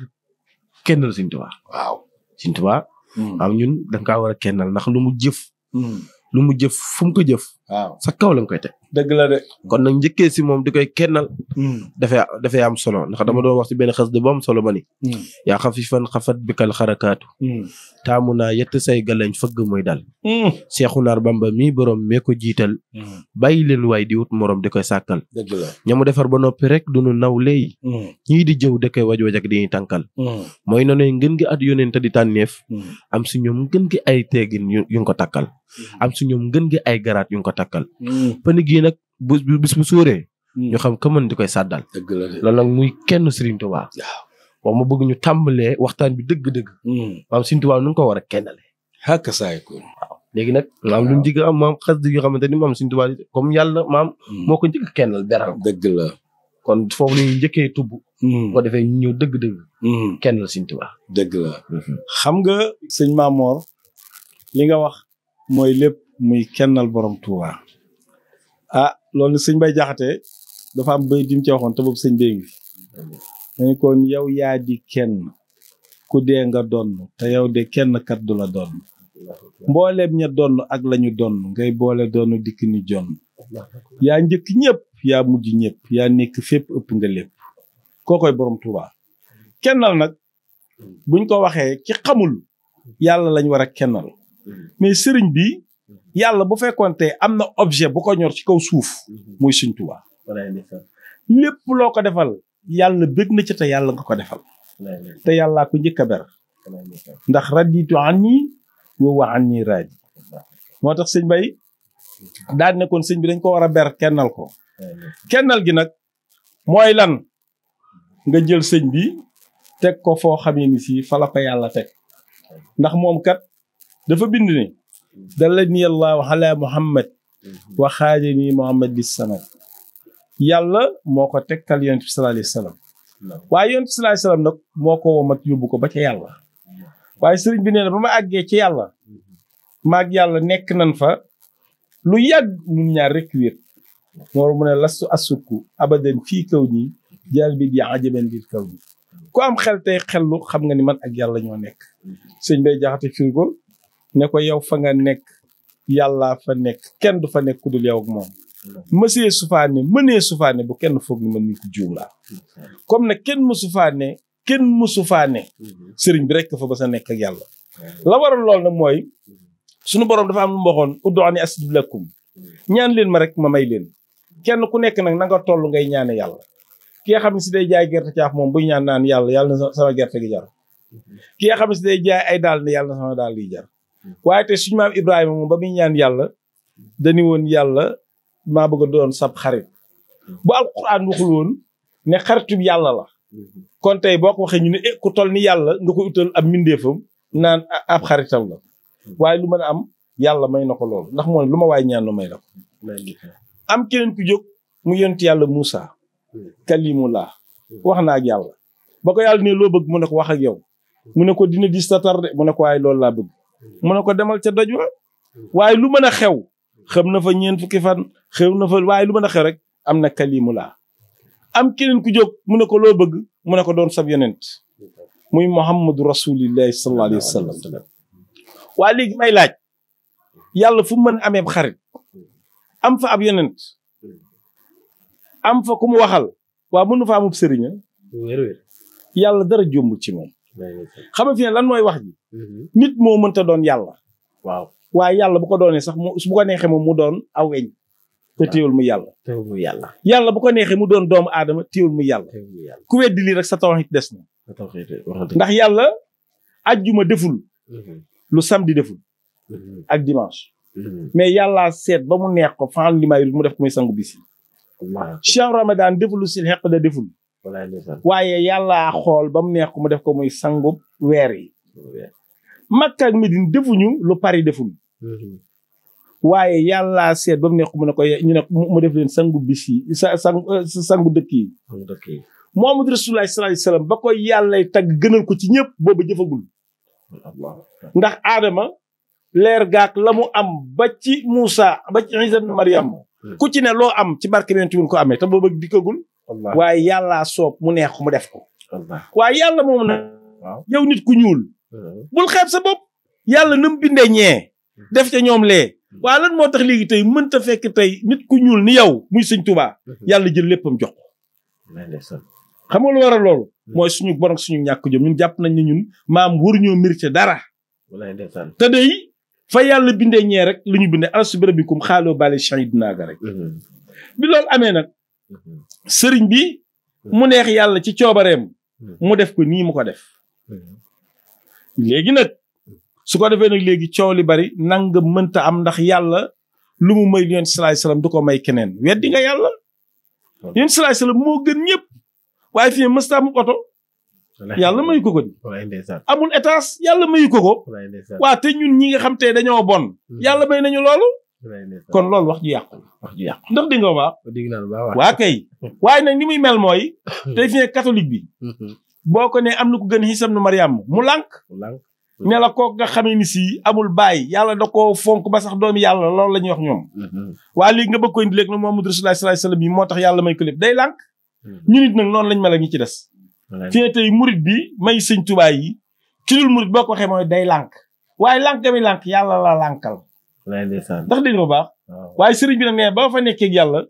S2: kenn la Sëriñ waaw Sëriñ Tuubaa Hmm. waaw ñun da nga kaa war a kennal ndax lu mu jëf. Hmm. lu mu jëf fu mu ko jëf. waaw sa kaw la nga dëgg la de. kon nag njëkkee si mom di kennal. dafay hmm. dafay ya, ya am solo ndax dama doon wax si benn xas de bu solo bani ya hmm. yaa xafifan bikal xarakaatu. Hmm. tamuna naa yett say galañ fëgg mooy dal. Seexu Naar Bamba mii borom mee ko jiital. bàyyi leen waay di wut morom di sakal. sàkkal. dëgg la ñamu defar ba noppi rek du nu naw léegi. ñii di jëw da waj waj ak di ñuy tànkal. mooy noonu gi at di am si ñoom ngën gi ay yu ko am si ñoom ngën gi ay garaat yu ko bu bis bu suuree. Hmm. ñu xam ka mën di koy sàddal. dëgg la loolu nag muy kenn Serigne Touba. waaw ma bëgg ñu tàmbalee waxtaan bi dëgg-dëgg. Hmm. maam Serigne Touba nu ñu ko war a kennale. xàkk saay ko. waaw léegi nag. waaw maam lu njëkk am maam xas di yoo xamante ni maam Serigne Touba comme yàlla maam. Hmm. moo ko njëkk kennal beral. dëgg la. kon foofu la ñuy njëkkee tubb. bu ko defee ñu ñëw dëgg-dëgg. kennal Serigne Touba. dëgg la. Mhm. xam nga. sëñ Mamor li nga wax mooy lépp muy kennal borom Touba ah loolu sëñ bay jaxate dafa am bay dim ci waxoon te boobu sëñ bay ngi fi kon yow yaa di kenn ku dee nga donn te yow de kenn kat du la donn mbooleem ña donn ak lañu donn ngay boole donn dikk ni jonn yaa njëkk ñëpp yaa mujj ñépp yaa nekk fépp ëpp nga lépp kookoy borom Tuubaa kennal nag buñ ko waxee ki xamul yàlla lañ war a kennal mais sëriñ bi yalla bu fekkonté amna objet bu ko ñor ci kaw suuf mhm. muy seigne touba lepp loko defal yalla begg na ci ta yalla nga ko defal te yalla ko njëkk ber ndax raditu anni wa wa anni rad motax seigne bay daal ne kon seigne bi dañ ko wara ber kennal ko kennal gi nak moy lan nga jël seigne bi tek ko fo xamé ni si fala la ko yalla tek ndax mom kat dafa bind ni dalani allahu ala muhammad wa xaadini muhammad bi samad yàlla moo ko tegtal yonent bi sallallahu alayhi wa sallam waaye yonent bi sallallahu nag moo ko womat yóbbu ko ba ca yàlla waaye sëriñ bi nee na ba ma àggee ci yàlla maag yàlla nekk nan fa lu yàgg ñun ñaar rek wéet moo mu ne lastu asukku abadan fii kaw nii jal bi di ajaban biir kaw nii ku am xel tey xellu xam nga ni man ak yàlla ñoo nekk sëñ bay jaxate firgol ne ko yow fa nga nekk yàlla fa nekk kenn du fa nekk ku dul yow moom mësee sufaane mënee sufaane bu kenn foog ni mën ñu ko juum laa comme ne kenn mësu faane kenn mësu faane sëriñ bi rekk fa ba sa nekk ak yàlla la waral lool nag mooy sunu boroom dafa am lu mboxoon uddu ani astajib lakum ñaan leen ma rek ma may leen kenn ku nekk nag na nga toll ngay ñaane yàlla ki nga xam ne si day jaay gerte caaf moom buy ñaan naan yàlla yàlla na sama gerte gi jar ki nga xam yàlla na daal yi jar Mm-hmm. waaye te suñu maam Ibrahima moom ba muy ñaan yàlla dañu woon yàlla maa bëgg a doon sab xarit mm-hmm. bu alquran waxul woon ne xaritub yàlla la mm-hmm. kon tey boo ko waxee ñu ne eh ku toll ni yàlla nga ko utal am mbindeefam naan ab xaritam la lu mën am yàlla may na ko loolu ndax moo lu ma waay ñaan lu may la ko am keneen ku jóg mu yonent yàlla Moussa kalimullah wax naa ak yàlla ba ko yàlla ne loo bëgg mu ne ko wax ak yow mu ne ko dina dis tatar de mu ne ko waaye loolu laa bëgg mën ne ko demal ca doj wa waaye lu mën a xew xam na fa ñeent fukki fan xew na fa waaye lu mën a xew rek am na kalimu laa am keneen ku jóg mu ne ko loo bëgg mu ne ko doon sab yonent muy muhammadu rasulillahi sallallahu alayhi wa sallam waa léegi may laaj yàlla fu mën amee xarit am fa ab yonent am fa ku mu waxal waa mënu fa amub sëriña yàlla dara jombul ci moom xam nga fi ne lan mooy wax ji. Mhm. nit moo mënta doon yàlla. waaw waaye yàlla bu ko doonee sax mu bu ko neexee moom mu doon aw weñ. te teewul mu yàlla. teewul mu yàlla. yàlla bu ko neexee mu doon doomu aadama teewul mu yàlla. ku weddi lii rek sa tawhid des na. ndax yàlla ajjuma deful. Mhm. lu samedi deful. Mhm. ak dimanche. mais yàllaa seet ba mu neex ko faal li may mu def ko muy sangu bis yi. waaw shahru si xeq da deful. waaye yàlla xool ba mu neex ko mu def ko muy sangub weer yi. Makka ak Medine defuñu lu Paris deful. Mhm. waaye yàlla seet ba mu neex ko mu ne ko ñu ne mu def leen sangu bis yi sa sangu dëkk yi. dëkk yi Muhammad Rasulullah sallallahu alayhi wasallam ba ko yàllay tagg gënal ko ci ñëpp boobu jëfagul. ndax Adama leer gaat la mu am ba ci Moussa ba ci Isa ibn Maryam mhm. ku ci ne loo am ci barke bi ko amee te boobu dikkagul. waaye yàlla soob mu neex mu def ko. waaye yàlla moom nag. yow nit ku ñuul. Hmm. bul xeeb sa bopp. yàlla na mu bindee ñee. Hmm. def ca ñoom lee. Hmm. waa lan moo tax léegi tey mënta fekk tey nit ku ñuul ni yow muy sëñ Tuubaa. yàlla jël léppam jox ko. xam nga lu waral loolu. mooy suñu borom suñu ñàkk jom ñun jàpp nañ ne ñun maam waruñoo mérité dara. te day fa yàlla bindee ñee rek lu ñu bindee ala su xaaloo bale shahid naaga rek. bi loolu amee nag. sëriñ bi mu neex yàlla ci coobareem hmm. mu def ko nii mu ko def hmm. léegi nag su ko defee nag léegi coow li bari nanga mënta am ndax yàlla lu mu may yonent salaay salaam du ko may keneen weddi nga yàlla hmm. yonent salaay salaam moo gën ñëpp waaye fii mës ta am oto yàlla mayu ko ko di amul étage yàlla mayu ko ko waa te ñun ñi nga xam te dañoo bon yàlla may nañu loolu kon loolu wax ju yàqu wax ju yàqu ndax di nga
S1: ba dégg naa baax waa kay
S2: way nak ni muy mel moy tay fi catholique bi mhm. boko ne amna ko gën hisam nu mariam mu lank
S1: mm-hmm.
S2: ne la ko nga xamé ni si amul bay yalla da ko fonk ba sax doomi yalla loolu lañ wax ñom mhm. wa li nga bëgg koy indi léegi nag Muhammad Rasulullah sallallahu alaihi wasallam yi moo tax yàlla may ko lépp day lank mhm. ñu nit nak non lañ mel ak ñi ci dess fi tay tey bi may seigne touba yi ci dul murit boo ko waxee day lank waaye lank ga lank yalla la lankal ndax dégg nga bu baax waaye sëriñ bi nag nee ba fa nekkee yàlla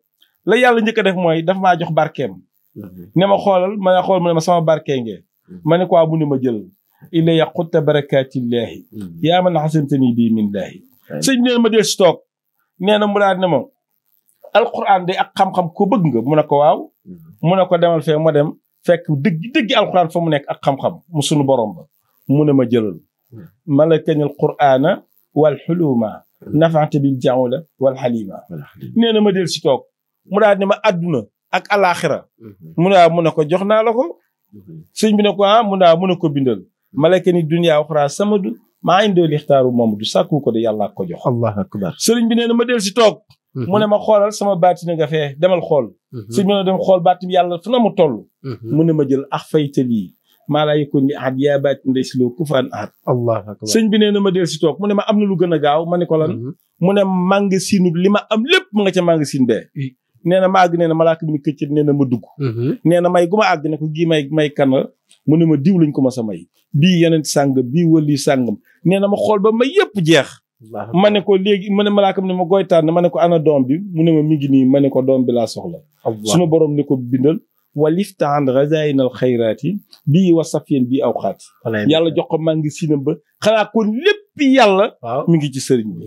S2: la yàlla njëkk a def mooy dafa maa jox barkeem mhm. ne ma xoolal ma ne xool mu ne ma sama barkee ngee mhm. ma ne quoi mu ne ma jël illa yaqutta barakatillahi mhm. yaa man xasantani bii min laahi sëñ bi ma del si toog nee na mu daal ne ma alquran day ak xam-xam ko bëgg nga mu ne ko waaw mu ne ko demal fee ma dem fekk dëgg dëgg alquran fa mu nekk ak xam-xam mu sunu borom ba mu ne ma jëlal malakani alqurana wal xuluma نفعت بالجاولة والحليمة نينا ما ديل سيكوك مراد نما أدنا أك الآخرة منا منا كو جوخنا لكو سين كو آم منا منا كو بندل ملكني الدنيا أخرى سمد ما عندو اللي اختاروا مامدو ساكو كو دي الله كو جوخ الله أكبر سين بنا نما ديل سيكوك منا ما خوال سما باتنا غفه دم الخول
S1: سين بنا دم خول
S2: باتي يالله فنا مطول منا ما ديل أخفيت لي maa laa yëkkoon li ahad yaa baatin laysa lahu kufuwan ahad allahu akbar sëñ bi nee ma del si toog mu a ma am na lu gën a gaaw ma ne ko lan mhm. mu ne màngasinu ma am lépp mu nga ca màngasin nee na ma àgg na malaaka bi ni na ma dugg mhm. nee na may gu ma ko gii may may kan la mu ne ma diw lañ ko ma sa may bii yeneen sàng bii wëli sàngam nee na ma xool ba may yëpp jeex ma ne ko léegi ma ne malaaka bi ne ma goy tànn ma ne ko ana doom bi mu ne ma mi nii ma ne ko doom bi laa soxla sunu borom ne ko bindal walifta an razaayina al xayraati bii wa safiyan bii awxaati yàlla jox ko maa ngi sinam ba xanaa kon lépp yàlla mi ngi ci sëriñ bi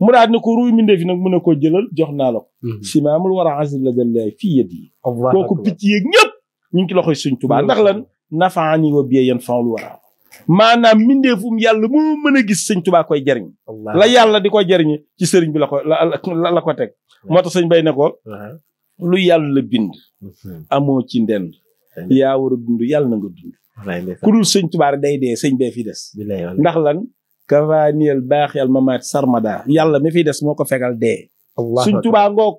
S2: mu daal ne ko ruuy mindee fi nag mu ne ko jëlal jox naa la ko simaamul war a azim la dallaay fii yët yi kooku picc yeeg ñëpp ñu ngi ci loxoy suñ tubaa ndax lan nafaani wa biye yan fanlu waraa maanaam mindeefum yàlla moo mën a gis sëñ tubaa koy jariñ la yàlla di ko jariñ ci sëriñ bi la ko la la ko teg moo tax sëñ bay ne ko lu yàlla bind. Hmm. amoo ci ndend. yaa war a dund yàlla na nga dund. ku dul sëñ tubaar day dee suñ bee fi des. ndax lan. kavaniyal baaxiyal mamaat sarmada yàlla mi fi des moo ko fegal dee. suñ tubaa ngoog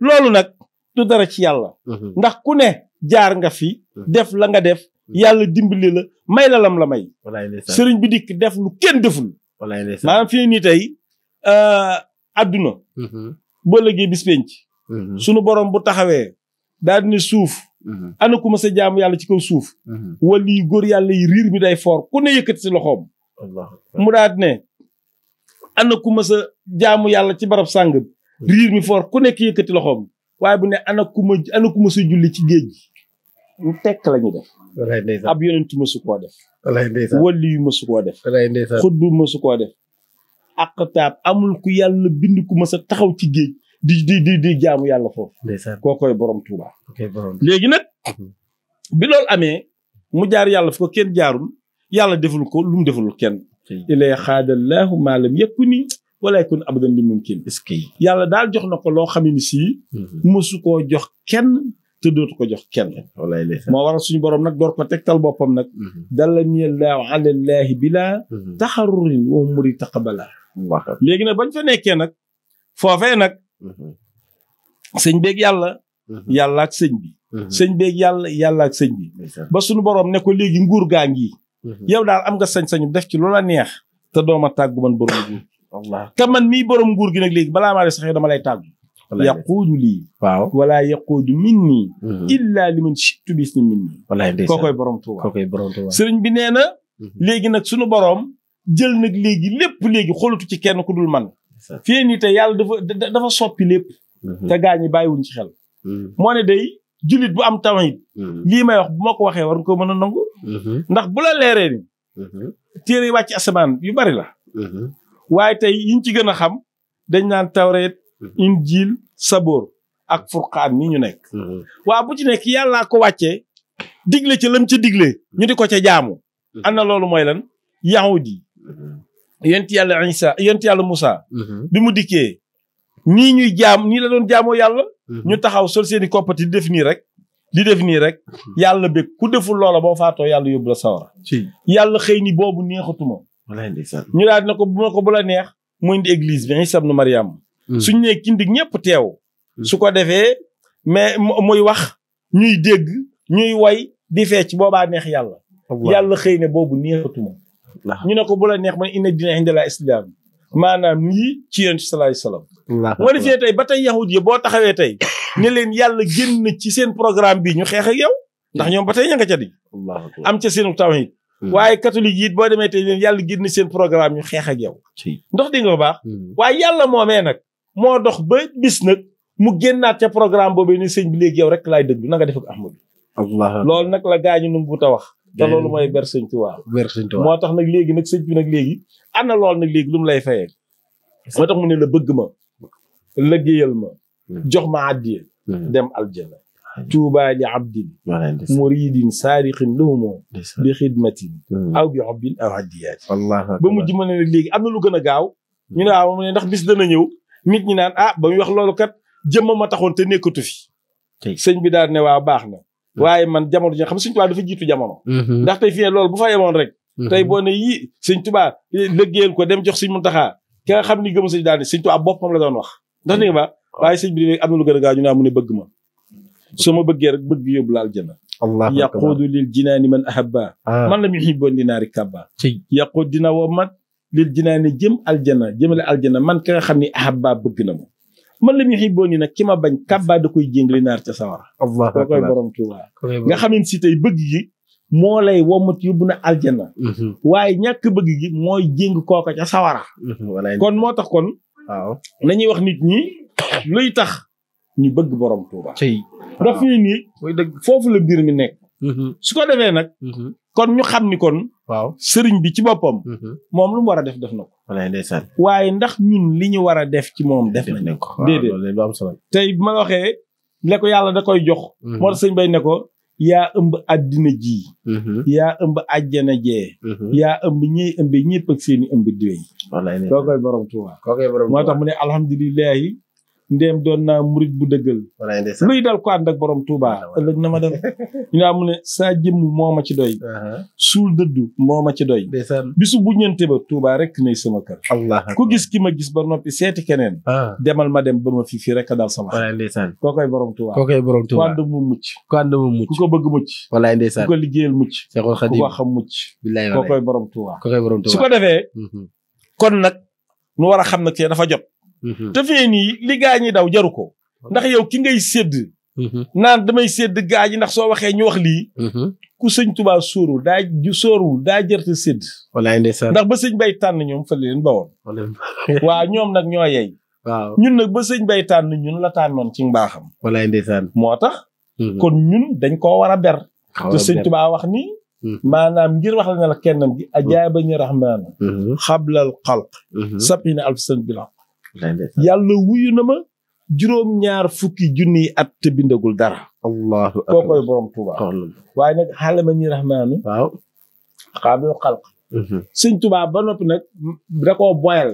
S2: loolu nag du dara ci yàlla. Hmm. ndax ku ne jaar nga fi. Hmm. def la nga def. yàlla dimbali la may la lam la may. sëriñ bi dikk def lu kenn deful. maanaam fi nii tey adduna. Euh, boo lëggee bis penc Mm-hmm. sunu borom bu taxawee daal dina suuf mm-hmm. ana ku ma sa jaamu yàlla ci kaw suuf mm-hmm. wala yi góor yàlla yi riir mi day foor ku ne si loxoom mu daal ne ana ku ma sa jaamu yàlla ci barab sàng riir mi foor ku nekk yëkkati loxoom waaye bu ne ana ku ku ma sa julli ci géej gi lu tekk la ñu def ab yonentu mësu koo def wali yu mësu koo def xutbu mësu koo def aqtaab amul ku yàlla bind ku ma sa taxaw ci géej di di di di jaamu yàlla foofu. koo koy borom Touba. léegi nag bi loolu amee mu jaar yàlla fu ko kenn jaarul yàlla deful ko lu mu deful kenn. ilay xaadallahu maa lam yakuni wala yakun abadan li mumkin. est-ce que yàlla daal jox na ko loo xam ne sii. mësu koo jox kenn. te dootu ko jox kenn. moo waral suñu borom nag door ko tegtal boppam nag. dalla niyallaahu alallaahi bila. taxarurin wa umuri taqabala. léegi nag bañ fa nekkee nag. foofee nag Mm-hmm. Mm-hmm. sëñ beeg yàlla. yàlla ak sëñ bi. sëñ beeg yàlla yàlla ak sëñ bi. ba suñu borom ne ko léegi nguur gaa ngi. Mm-hmm. yow daal am nga sañ-sañu def ci loola neex. te dooma tàggu man borom nguur. wallaahi te man mii borom nguur gi nag léegi balaa maa sax yow dama lay tàggu. yaquulu lii waaw wala yaquulu minnii illaa li man chittu bis ni minnii kookoy borom Tuuba
S1: kookoy Tuuba
S2: sëriñ bi nee na léegi nag suñu boroom jël nag léegi lépp léegi xolatu ci kenn ku dul man fii nii te yàlla dafa dafa soppi lépp. Mhm. te gaa ñi bàyyiwuñ ci xel. Mhm. moo ne day jullit bu am tawhid. Mhm. lii may wax bu ma ko waxee war nga ko mën a nangu. ndax bu la leeree ni. téere yi wàcc asamaan yu bari la. waaye tey yiñ ci gën a xam dañ naan tawreet. jiil saboor ak furqaan ni ñu nekk. waa bu ci nekk yàllaa ko wàccee. digle ca lam ca digle. ñu di ko ca jaamu. ana loolu mooy lan yahudi yont yàlla Isa yont yàlla Moussa. Mhm. bi mu dikkee nii ñuy jaam nii la doon jaamoo yàlla. Mhm. ñu taxaw sol seen i koppati di nii rek. di def nii rek mhm. yàlla bëgg ku deful loola boo faatoo yàlla yóbbu la sawara. yàlla xëy ni boobu neexatuma. ñu daal dina ko bu ma ko bu la neex. mu indi église bi Isa ibnu Maryam. suñu nee kindig ñëpp teew. su ko defee mais muy wax ñuy dégg ñuy woy di fecc boobaa neex yàlla. yàlla xëy ne boobu neexatuma. ñu ne ko bu la neex ma inna diina inda islaam maanaam lii ci yonent salaay salaam. moo defee tey ba tey yahud yi boo taxawee tey ni leen yàlla génn ci seen programme bi ñu xeex ak yow ndax ñoom ba tey ña nga ca di am ca seenu tawhid hmm. waaye catholique yi boo demee tey leen yàlla génn seen programme ñu xeex ak yow ndox di nga ko baax hmm. waaye yàlla moomee nag moo dox ba bis nag mu génnaat ca programme boobu ni sëñ bi léegi yow rek laay dëgg na nga def ak Ahmadu loolu nag la gaañu nu mu bu wax te loolu mooy ber sëñ Tuubaa
S1: ber sëñ Tuubaa moo
S2: tax nag léegi nag sëñ bi nag léegi am na lool nag léegi lu mu lay fayee moo tax mu ne la bëgg ma lëggéeyal ma jox ma àddiya dem aljana tuubaa li abdin muridin saariqin lahumoo bi xidmatin aw bi xobbin aw haddiyaat ba mujj ma ne nag léegi am na lu gën a gaaw ñu ne waaw mu ne ndax bis dana ñëw nit ñi naan ah ba muy wax loolu kat jëmm ma taxoon te nekkatu fi sëñ bi daal ne waaw baax na waaye man jamono ji xam Sëñ Tuubaa dafa jiitu jamono. Mhm. ndax tey fii lool bu fa yemoon rek. Mhm. tey boo ne yii Sëñ Tuubaa lëggéeyal ko dem jox Sëñ Muntaxaa ki nga xam ni gëmm sëñ daal ni Sëñ Tuubaa boppam la doon wax. ndax ni nga ba waaye sëñ bi am na lu gën a gaaw ñu naa mu ne bëgg ma su ma bëggee rek bëgg yóbbu laal jëna yaquudu lil jinaani man ahabba ah. man lam yuhibboon dinaari kabba yaquud dina woo mat lil jinaani jëm aljana jëmale aljana man ka nga xam ni ahabba bëgg na man la ñu xibboo ni nag ki ma bañ kàbbaa da koy jéngli naar ca sawara boo koy borom Tuuba nga xamante si tey bëgg gi moo lay womat yóbbu na aljana mhm. waaye ñàkk bëgg gi mooy jéng kooka ca sawara mhm. kon moo tax kon waaw nañuy wax nit ñi luy tax ñu bëgg borom Tuuba daf ñu nii foofu la mbir mi nekk mhm. su ko defee nag kon ñu xam ni kon waaw sëriñ bi ci boppam. Mm-hmm. moom lu mu war a def def na ko. walaay ndeysaan. waaye ndax ñun li ñu war a def ci moom def nañ ko. déedéet lu am solo tey bu ma waxee ne yàlla da koy jox. Mm-hmm. moo tax sëñ bay ne ko. yaa ëmb àddina ji. Mm-hmm. yaa ëmb àjjana jee. yaa ëmb ñiy ëmb ñëpp ak seen i ëmb diwe. koo koy borom tuuba. koo moo tax mu ne alhamdulilahi ndéem doon naa murit bu dëggal luy dal ko ànd ak borom Touba ëllëg na ma dem ñu naa mu ne jëmm moo ma ci doy suul dëddu moo ma ci doy bisu bu ñënte ba Touba rek nay sama kër ku gis ki ma gis ba noppi seeti keneen ah. demal ma dem ba ma fi fii rek a dal sama koo koy borom Touba koo koy borom Touba ku ànd mu mucc ku mu mucc ku ko bëgg mucc walaay ndeysaan ku ko liggéeyal mucc ku ko koy borom Touba su ko defee mhm. kon nag nu war a xam nag te dafa jot Mhm. te fee nii li gaa ñi daw jaru ko ndax yow ki ngay sedd mhm. naan damay sedd gaa ñi ndax soo waxee ñu wax lii mhm. ku sëñ tubaa sóorul daa sóorul daa jërte sédd wallaay ndeysaan ndax ba sëñ bay tànn ñoom fa leen bawoon waaw ñoom nag ñoo yey ñun nag ba sëñ bay tànn ñun la tànnoon ci mbaaxam wallaay ndeysaan moo tax kon ñun dañ koo war a ber te sëñ tubaa wax nii maanaam ngir wax la la kennam gi ajaabani rahmaana xablal xalq sabina alf san bilaq yàlla wuyu na ma juróom ñaar fukki junni at te bindagul dara. foo akbar koo koy borom Touba. waaye nag xaale ma ñi rahmaani. waaw xaabil xalq. Mhm. sëñ Touba ba noppi nag da koo boyal.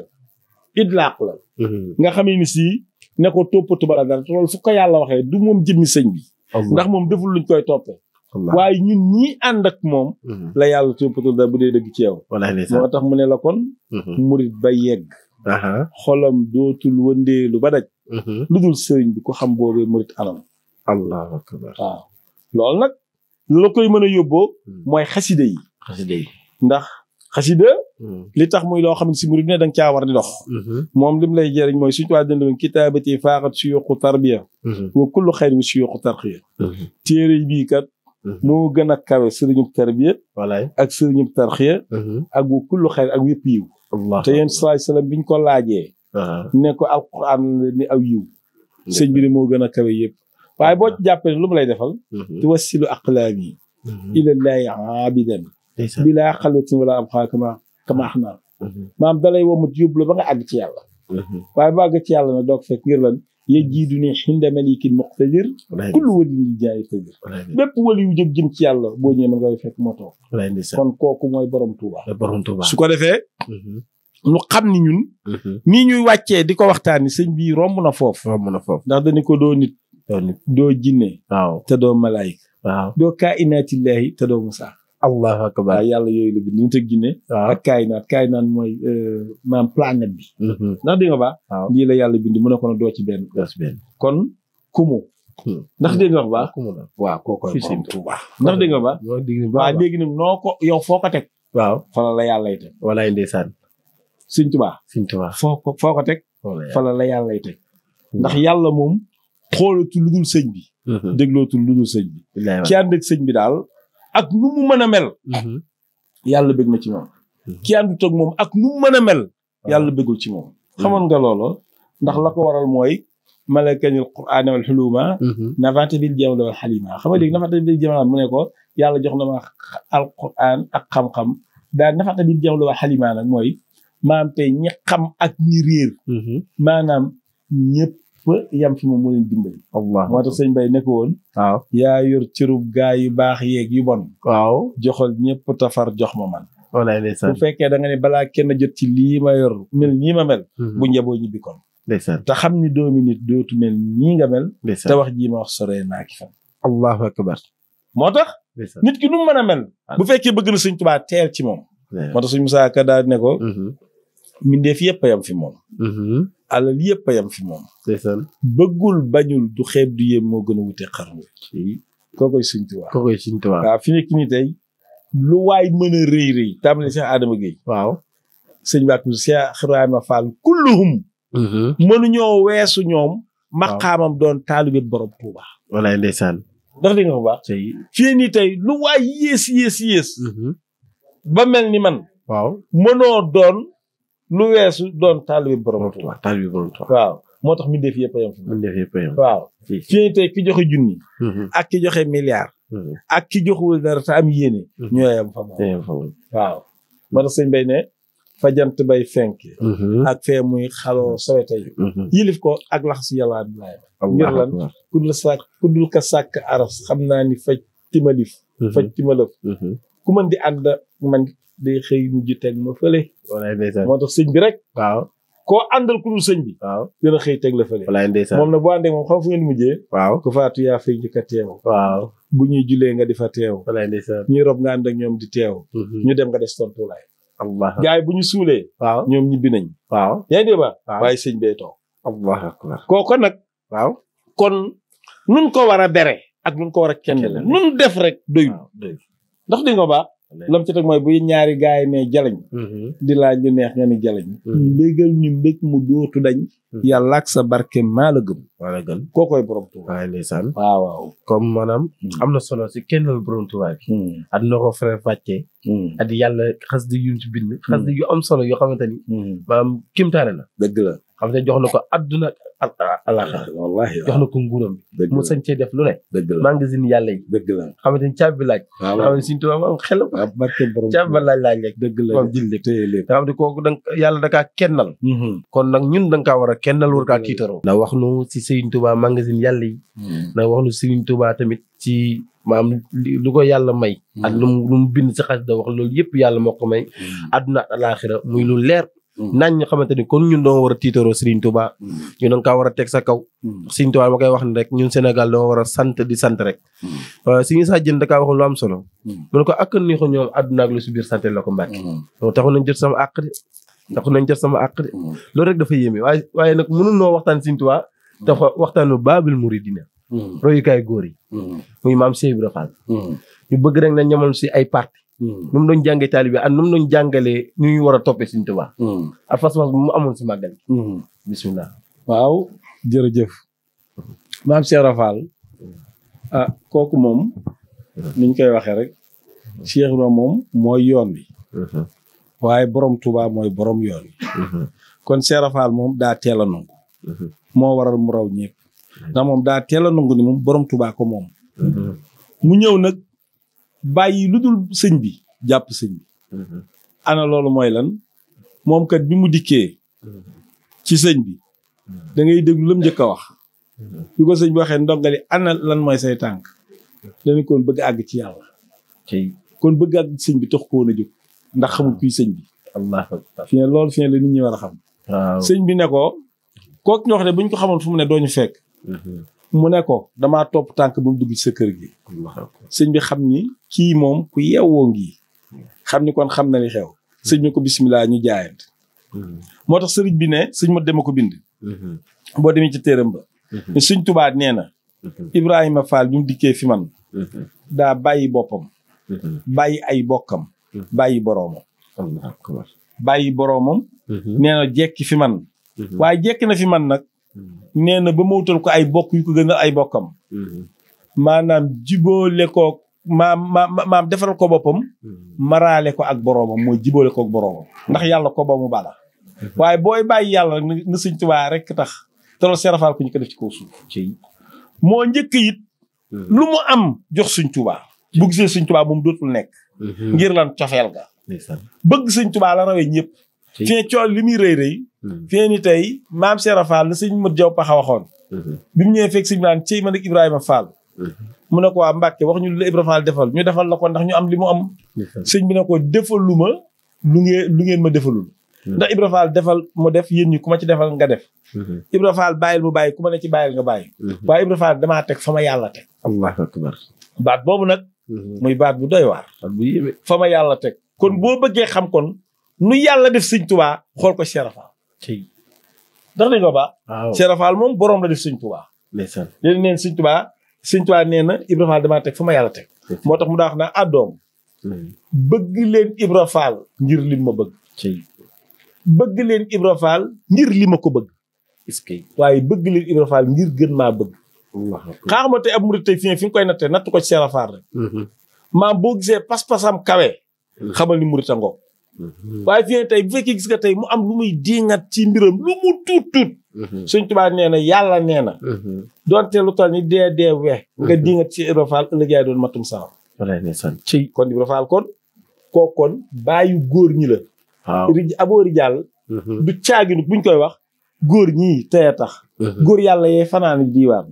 S2: idlaaq la. Mhm. nga xamee ni si nekkoo ko toppatoo ba dara te loolu fu ko yàlla waxee du moom jëmmi sëñ bi. ndax moom deful luñ koy toppe waaye ñun ñii ànd ak moom. Mhm. la yàlla toppatoo dara bu dee dëgg ci yow. moo tax mu ne la kon. murit ba yegg. xolam dootul wëndeelu ba daj lu dul sëriñ bi ko xam boobee murit alam allahu akbar waaw loolu nag la koy mën a yóbboo mooy xasida yi xasida yi ndax xasida li tax muy loo xam ne si murid ne da nga caa war di dox moom lim lay jëriñ mooy suñu wàllu dëndwoon kitaabati faaxat suyuqu tarbiya wa kullu xayr wi suyuqu tarxiya téere bii kat mo gën a kawe sëriñub tarbiya ak sëriñub tarxiya ak wa kullu xayr ak yëpp yiw te yéen salaay salaam biñ ko laajee. ne ko alquran ni aw yiw. sëñ bi moo gën a kawe yëpp. waaye boo ci jàppee lu lay defal. Mhm. tuwasilu aqlaami. Mhm. ila llahi aabidan. bilaa xalwatin wala am xaa kama kama ax naa. Mhm. maam dalay womut yóbbu la ba nga àgg ci yàlla. waaye ba àgg ci yàlla na doog fekk يجدني حين ملك المقتدر كل ولي جاي تدير بيب ولي يجب جيم تي الله بو ني من غاي فك موتو كون كوكو موي بروم توبا بروم توبا سوكو ديفه لو خامني نون ني نيو واتي ديكو واختاني سيغ بي رومنا فوف رومنا فوف دا داني كو دو نيت دو جيني واو تدو ملائكه واو دو كائنات الله تدو مساخ allahu akbar waaw yàlla yooyu la bi ni te Guinée waaw ak kaaynaat kaaynaat mooy euh, maam planète bi mhm. ndax dégg nga baax la yàlla bind mu ne ko na doo ci benn kon kumu hmm. ndax dégg nga baax waaw kooku fi seen Tuuba ndax dégg nga baax waaw dégg noo ko yow foo ko teg waaw fala la yàllay teg walaay ndeysaan Sëñ Tuuba Sëñ Tuuba foo ko foo ko teg la yàllay teg hmm. ndax yàlla moom xoolatul lu sëñ bi mhm. déglootul lu sëñ bi ci ànd sëñ bi daal ak nu mu mën mel. Mm-hmm. yàlla bëgg na ci moom. Mm-hmm. ki àndut ak moom ak nu mu mën a mel. Ah. yàlla bëggul ci moom. Mm-hmm. xamoon nga loolu ndax la ko waral mooy. malakañul quraan wal xuluma nafante bil jamal wal xalima xam nga léegi nafante bil jamal mu ne ko yàlla jox na ma al quraan ak xam-xam daal nafante bil jamal wal xalima nag mooy maam tey ñi xam ak ñi réer maanaam ñëpp fa yam fi moom moo leen dimbali. allah moo tax sëñ Bay ne ko woon. waaw yaa yor cërub gaa yu baax yeeg yu ma man. walaay ndeysaan bu fekkee da nga ne kenn jot ci ma yor mel nii ma mel. Mhm. bu njaboo ñibbi kon. ndeysaan xam ni doomi nit dootu mel nga mel. te wax jii ma wax soree naa ki fan. allahu akbar. moo tax. nit ki nu mu mën bu fekkee bëgg na sëñ Tuubaa teel ci moom. moo tax sëñ Musaa Ka daal ne ko. Mhm. mbindeef yëpp a yam fi moom. Mhm. alal yëpp a yam fi moom. ndeysaan bëggul bañul du xeeb du yem moo gën a wute xarnu. waaw fi nekk nii tey lu waay mën a rëy rëy. tàmbali Cheikh Adama Gueye. waaw sëñ Bakhoum Cheikh Ibrahima Fall kulluhum. Mhm. mënuñoo weesu ñoom. waaw maqaamam doon taalibe borom Touba. walaay ndeysaan. ndax di nga ko baax. tey fii mhm. ba mel ni man. mënoo doon. lu weesu doon taalibi borom Tuuba waaw moo tax mbindeef yëpp a yem mbindeef yëpp a yem waaw fi ne tey ki joxe junni mm-hmm. ak ki joxe milliard mm-hmm. ak ki joxul dara te am yéene mm-hmm. ñoo
S1: fa moom
S2: waaw moo tax sëñ bay ne fa jant bay fenk ak fee muy xaloo sowe tey yilif ko ak lax si yàlla bilaay ngir ku dul ka sàkk aras xam naa ni faj timalif faj timalëf ku mën di ànd man day xëy mujj teg ma fële. walaay moo tax sëñ bi rek. waaw koo àndal ku dul sëñ bi. waaw dina xëy teg la fële. walaay ndeysaan moom nag boo àndee moom xam fu ngeen mujjee. waaw ku faatu yaa fay njëkk bu ñuy jullee nga di fa teew. walaay ndeysaan ñuy rob nga ànd di teew. Mhm. ñu dem nga des tontulaay. allah gars yi bu ñu suulee. waaw ñoom ñibbi nañ. waaw yaa ngi dégg ba. waaw waaye sëñ bee toog. allah akbar kooko nag. waaw kon nun ko war a bere. ak nun ko war a kenn nun def rek doyul ndax di nga lam ci teg mooy bu ñaari gaay ne jalañ mm-hmm. di laaj lu neex nga ni jalañ mbégal mm-hmm. ñu mbég mu dootu dañ Hmm. yàlla ak sa barke maa la gëm. maa la gëm koo koy borom Tuuba. waaye hmm. na solo si kenn la borom Tuuba bi. Hmm. at noo ko frère fàccee. xas di yu ci bind. xas di yu am solo yoo xamante ni. maanaam kimtaane la. dëgg la xam te jox na ko adduna ak alaxira. Ah, wallaahi jox na ko nguuram. dëgg la mu sañ cee def lu ne. dëgg la magasin yàlla yi. dëgg la xamante ni caabi laaj. waaw waaw xam ne suñu tubaab am xel. waaw barke borom laaj laaj rek. dëgg la moom jël lépp. nga xam ne kooku da kennal. kon nag ñun da nga kaa kenn dal war kaa tiitaroo na wax nu si Serigne Touba magasin yàlla yi hmm. na wax nu Serigne Touba tamit ci maam lu ko yàlla may hmm. ak lu mu lu mu bind si xasida wax loolu yëpp yàlla moo ko may hmm. àdduna ak muy lu leer naañ ñu xamante ni kon ñun doo war a tiitaroo Serigne Touba ñu danga kaa war a teg sa kaw Serigne Touba ma koy wax ni rek ñun Sénégal doo war a sant di sant rek Serigne Issa Diène dakaa wax lu am solo mu ne ko ak ni ko ñoom ak lu si biir sant la ko mbàkke taxu nañ jot sama àq de ndax nañ jot sama àq de mm. loolu rek dafa yéeme waaye waaye nag mënul noo waxtaan Sëriñ Tuubaa te mm. waxtaanu Baabul Muridiina mm. royukaay góor yi muy maam Cheikh Ibra Fall ñu bëgg rek na ñamal si ay parti nu mu doon jàngee taalibe ak nu mu doon jàngalee nu ñu war a toppee Sëriñ Tuubaa ak fas mu amoon si màggal bisimilah waaw jërëjëf maam Cheikh ah, kooku moom niñ koy waxee rek Cheikh Ibra moom mooy yoon bi waaye borom Touba mooy boroom yoon mhm. kon Cheikh moom daa teel a nangu mhm. moo waral mu raw ñëpp mhm. ndax moom daa teel a nangu ni moom borom Touba ko moom mu ñëw nag bàyyi lu dul sëñ bi jàpp sëñ bi ana loolu mooy lan moom kat bi mu dikkee ci sëñ bi dangay ngay déglu lam njëkk a wax bi ko sëñ bi waxee ndongali ana lan mooy say tànk dañu bëgg àgg ci yàlla kon bëgg àgg ci sëñ bi tax ko woon jóg ndax xamul kuy sëñ bi. allah fi ne loolu fi ne la nit ñi war a xam. waaw sëñ bi ne ko. kook ñu wax ne bu ñu ko xamoon fu mu ne doo ñu fekk. Mhm. mu ne ko damaa topp tànk ba mu dugg sa kër gi. sëñ bi xam ni kii moom ku yeewoo ngi. xam ni kon xam na li xew. sëñ bi ko bisimilah ñu jaayant mhm. moo tax sëriñ bi ne sëñ ma dema ko bind. Mhm. boo demee ci téeram ba. sëñ Tuubaa nee na. Ibrahima Fall bi mu dikkee fi man. daa bàyyi boppam. bàyyi ay bokkam. bàyyi boroomam bàyyi boroomam mhm. nee na jekki fi man mhm. waaye jekki na fi man nag mhm. nee na ba ma wutal ko ay bokk yu ko gën ay bokkam maanaam jiboole ko maam maam defaral ko boppam maraale ko ak boroomam mooy jiboole ko ak boroomam ndax yàlla ko ba mu bala waaye booy bàyyi yàlla na sëñ Tuubaa rek tax te loolu seerafaal ko ñu ko def ci kaw suuf moo njëkk it lu mu am jox sëñ bu gisee sëñ Tuubaa moom dootul nekk Mhm. ngir lan cofeel ga bëgg sëñ tubaa a rawee ñëpp fi ne cool li muy rëy rëy mhm. fi ne ni tey maam Seera Fall la sëñ mët jaw paxa waxoon mhm. bi mu ñëwee fekk sëñ naan cey Ibrahima Fall mu ne ko waa Mbàkke wax ñu lu la defal ñu defal la ko ndax ñu am li mu am sëñ bi ne ko defalu ma lu ngeen lu ngeen ma defalul ndax Ibra Fall defal mu def yéen ñi ku ma ci defal nga def. Ibra Fall bàyyil mu bàyyi ku ma ne ci bàyyil nga bàyyi. waaye Ibra Fall damaa teg fa ma yàlla teg.
S1: allahu akbar
S2: baat boobu nag Mhm. muy baat bu doy waar. fa ma yàlla teg kon mhm. boo bëggee xam kon nu yàlla def sëñ tubaa xool ko Cheikh Rafal. ndax dañ ko baax. waaw moom borom la def sëñ tubaa. ndeysaan léegi neen sëñ tubaa sëñ tubaa nee na damaa teg fa ma yàlla teg. moo tax mu daa wax naa àddoom mhm. bëgg leen Ibra ngir li ma bëgg. bëgg leen Ibra ngir li ma ko bëgg. est-ce que waaye bëgg leen Ibra ngir gën maa bëgg. xaar ma tey ab murit tey fi nga koy nattee natt ko ci Serap Faar rek. Mhm. maam boo gisee pas-pasam kawe. Mhm. xamal ni murit a ngoog.
S1: Mhm. waaye
S2: fi tey bu fekkee gis nga tey mu am lu muy diingat ci mbiram lu mu tuut tuut. Sëñ Tuubaa nee na yàlla nee na. donte lu toll ni dee dee we nga diingat ci Ibra Faal ëllëg yaay doon matum salam. walaay ndeysaan ci kon Ibra Faal kon. kooku kon góor ñila la. waaw aboo rijaal. du caaginu buñ koy wax góor ñi tey a tax. Mhm. góor yàlla yee fanaan ak diiwaan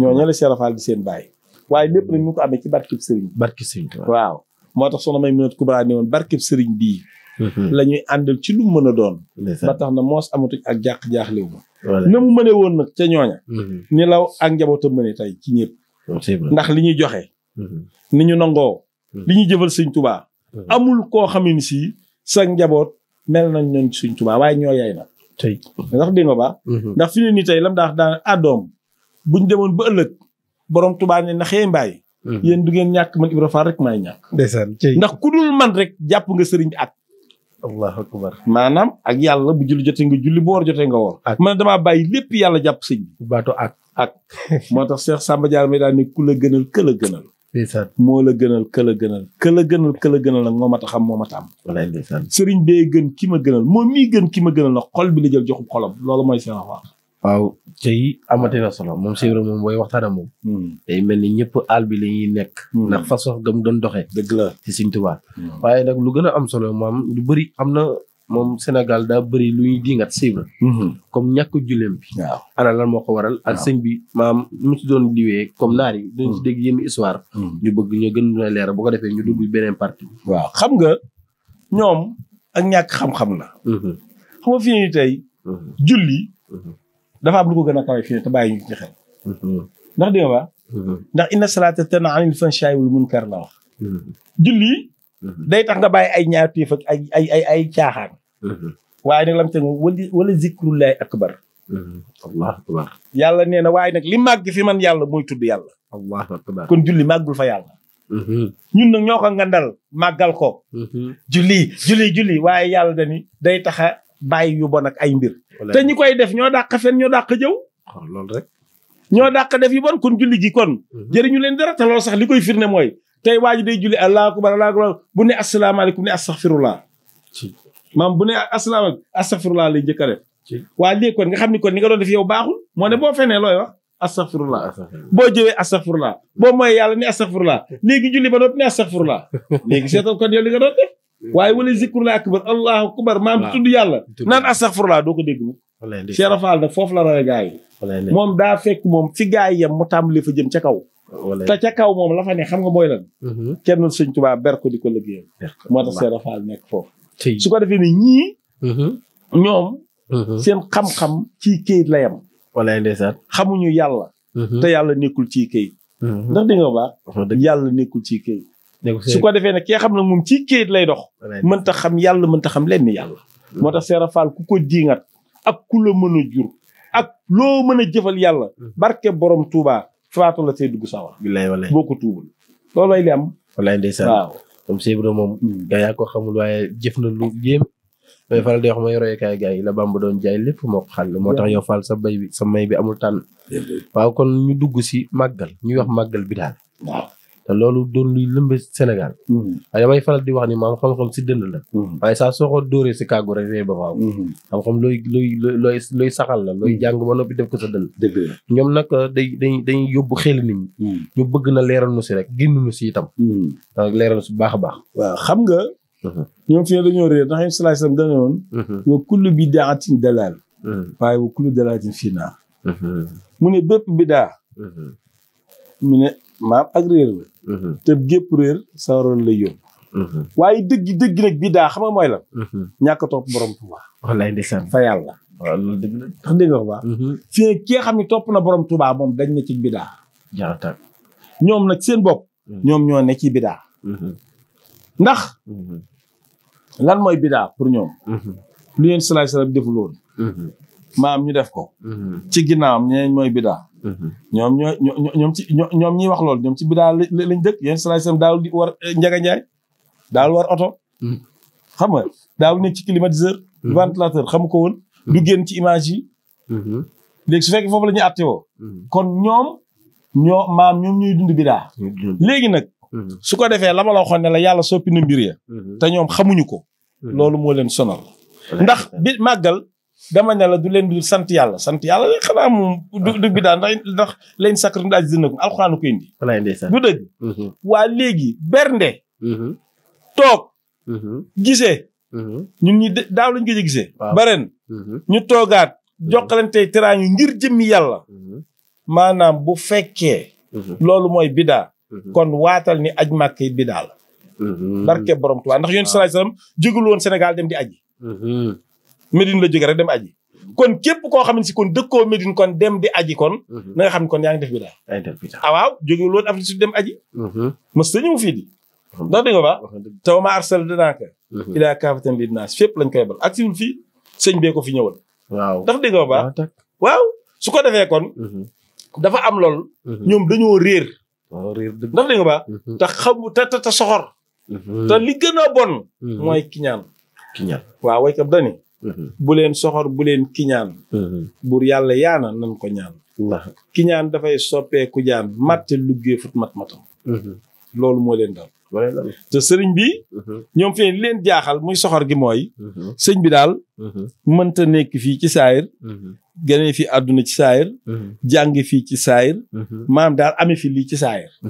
S2: ñoo ñoo la Cheikh Fall di seen bàyyi waaye lépp nag ñu ko amee ci barkib sëriñ barkib sëriñ waaw moo tax soxna may minot kubra ne woon barkib sëriñ bii mhm. la ñuy àndal ci lu mën a doon ba tax na moos amatuñ ak jàq-jaax liw ma na mu mëne woon nag ca ñooña mhm. ni law ak njabootam mëne tey ci ñëpp ndax li ñuy joxe ni ñu nangoo li ñu jëfal sëñ tubaa amul koo xam ne si sa njaboot mel nañ ñoon sëñ tubaa waaye ñoo yay na tey ndax dégg nga baax. Mhm. ndax fi ne nii tey daax daan àddoom ah, buñ demoon ba ëllëg borom Tuubaa ne na xëy mbaay. Mhm. yéen du ngeen ñàkk man Ibra Fall rek maay ñàkk. ndeysaan ndax ku dul man rek jàpp nga sëriñ bi ak. allahu maanaam ak yàlla bu julli jotee nga julli bu woor jotee nga woor. ak man damaa bàyyi lépp yàlla jàpp sëñ bi. baato ak ak. moo tax Cheikh Samba Diar may daal ne ku la gënal këla gënal. ndeysaan moo la gënal këla gënal këla gënal këla gënal nag moo ma ta xam moo ma ta am wallaay ndeysaan sëriñ bee gën ki ma gënal moom mii gën ki ma gënal nag xol bi la jël joxub xolam loolu mooy seen wax waaw tey amati na solo moom Cheikh moom booy waxtaan moom hmm. day mel ni ñëpp àll bi la ñuy nekk hmm. ndax façon gam doon doxee dëgg la ci Sëriñ hmm. waaye nag lu gën a am solo moom lu bëri am na moom Sénégal daa bëri lu ñuy diingat cible mhm. comme ñàkk julleem bi waaw ana la moo ko waral ak sëñ bi maam lu mu si doon diwee comme naar yi mhm. duñ si dégg yenn histoire mhm. ñu bëgg ñu gën na leer boo ko defee ñu dugg beneen parti waaw xam nga ñoom ak ñàkk xam-xam la xam nga fi tey julli dafa am lu ko gën a kawe fi ne te bàyyi ñu ci xel ndax dégg nga ba ndax inna salaata tanhaa anil fahshaa'i wal munkar la wax julli Mhm. day tax nga bàyyi ay ñaar tiif ak ay ay ay ay caaxaan. Mhm. waaye nag lam teg wala wala zikrullahi akbar.
S1: Mhm. allahu
S2: yàlla nee na waaye nag li màgg fi man yàlla mooy tudd yàlla. allahu kon julli màggul fa yàlla. ñun nag ñoo ko màggal ko. julli julli julli waaye yàlla dani day tax a bàyyi yu bon ak ay mbir. te ñi koy def ñoo dàq fen ñoo dàq jëw. ñoo dàq def yu bon kon julli gi kon. jëriñu leen dara te loolu sax li koy firnde mooy tey waa ji day julli allahu akbar allahu akbar bu ne asalaamaaleykum ne astaxfirullah maam bu ne asalaamaaleykum astaxfirullah lay njëkk a def waa léegi kon nga xam ni kon ni nga doon def yow baaxul moo ne boo fenee looy wax astaxfirullah boo jëwee astaxfirullah boo mooy yàlla ne astaxfirullah léegi julli ba noppi ne astaxfirullah léegi seetal kon yow li nga doon def waaye wala zikrullah akbar allahu akbar maam tudd yàlla naan astaxfirullah doo ko dégg mu Cheikh Rafal nag la rawee gars yi moom daa fekk moom fi gars yi yem mu tàmbali fa jëm ca kaw te ca kaw moom la fa xam nga mooy lan. Mhm. kenn sëñ Tuubaa ber ko di ko liggéeyal. moo su ko defee ni ñii. Mhm. ñoom. Mhm. seen xam-xam ci këyit la yem. walaay ndeysaan xamuñu yàlla. yàlla nekkul ci këyit. ndax di nga baax. yàlla nekkul ci këyit. su ko defee nag kee xam ne moom ci këyit lay dox. mënta xam yàlla mënta xam lenn yàlla. moo tax Seera Faal ku ko diingat ak ku la mën a jur. ak loo mën a jëfal yàlla. barke borom Tuubaa. faatu la see dugg sawar. billaay walaay boo ko tuubul. loolooy li am. walaay ndeysaan waaw. comme moom. Mm. gaa yaa ko xamul waaye jëf na lu yéem. may faral di wax may royekaay gars yi la ma doon jaay lépp moo ko moo tax yow Fall sa bay bi sa may bi amul tànn. waaw kon ñu dugg si màggal ñuy wax màggal bi daal. te loolu doon luy lëmbe Sénégal. Mhm. waaye damay faral di wax ni maam xam-xam si dënd la. Mhm. waaye saa soo dóoree si kàggu rek ree ba faaw. la looy mhm. jàng ba noppi ko sa dënd. ñoom nag uh, day day day yóbbu xel nit ñu bëgg na leeral nu si rek génn nu si itam. leeral baax a baax. xam nga. ñoom fii dañoo réer ndax yéen salaay sam woon. wa kullu bidaatin dalaal. waaye naa. mu ne bépp bidaa. mu ne maam ak réer Mhm. te gépp réer sawaroon lay yóbbu mhm. waaye dëgg dëgg nag bi daa xama mooy la mhm. ñàkk topp borom Touba fa yàlla waaw la tax dégg nga wax baax fii ki nga xam ne topp na borom Touba moom dañ ne ci bidaa jaata ñoom nag seen bopp ñoom ñoo ne ci bidaa ndax lan mooy bidaa pour ñoom lu yéen salaay salaam defuloon maam ñu def ko ci ginnaawam ñeneen mooy bidaa Mhm. ñoom ñoo ñoom ci ñoom ñuy wax loolu ñoom ci bidaa lañ dëkk yéen salaay sam daawul di war eh, njaga njaay daawul war oto mhm. xam nga daawul nekk ci climatiseur mhm. ventilateur xamu ko woon du génn ci image yi léegi su fekkee foofu la ñuy woo kon ñoom ñoo maam ñoom ñuy dund bidaa léegi nag su ko defee la ma la waxoon ne yàlla soppi na mbir ya te ñoom xamuñu ko loolu moo leen sonal ndax bi màggal dama ne la du len du sant yalla sant yalla rek xana moom du dëgg daan ndax len sakru Waligi, dina ko alxuraan ko indi du deug mhm. wa bernde mhm. tok mhm. gisé ñun ñi daaw lañ gëj gisé baren ñu toogaat jokkalante teraangu ngir jëm yalla manam bu fekke lolu moy bida kon watal ni aj màkk yi la barke borom Tuubaa ndax yoon sallallahu alayhi wasallam jëgul won senegal dem di aji Médine la jóge rek dem aji kon képp koo xam ne si kon dëkkoo Médine kon dem di aji kon. Mhm. na nga xam ne kon yaa ngi def bi daal. yaa ngi def bi daal ah waaw jóge loolu Afrique su dem aji. mës mhm. ta ñëw fii di. Mhm. ndax dégg nga ba taw ma arsal danaaka. ilaa lañ koy bal ak si sëñ bee ko fi ñëwal. waaw ndax dégg nga ba su ko defee kon. dafa am lool. ñoom dañoo réer. ndax dégg nga ba te xamu soxor. te li gën a bon. mooy kiñaan. kiñaan waaw way kam dani Mhm. bu leen soxor bu leen kiñaan mhm. buur yàlla yaana nan ko ñaan kiñaan dafay soppeeku jaan màtte luggee fut mat matam mhm. loolu moo leen dal te sëriñ bi ñoom fi leen jaaxal muy soxor gi mooy sëñ bi daal mënta nekk fii ci saayir gane fii àdduna ci saayir jàng fii ci saayir maam daal ame fi lii ci saayir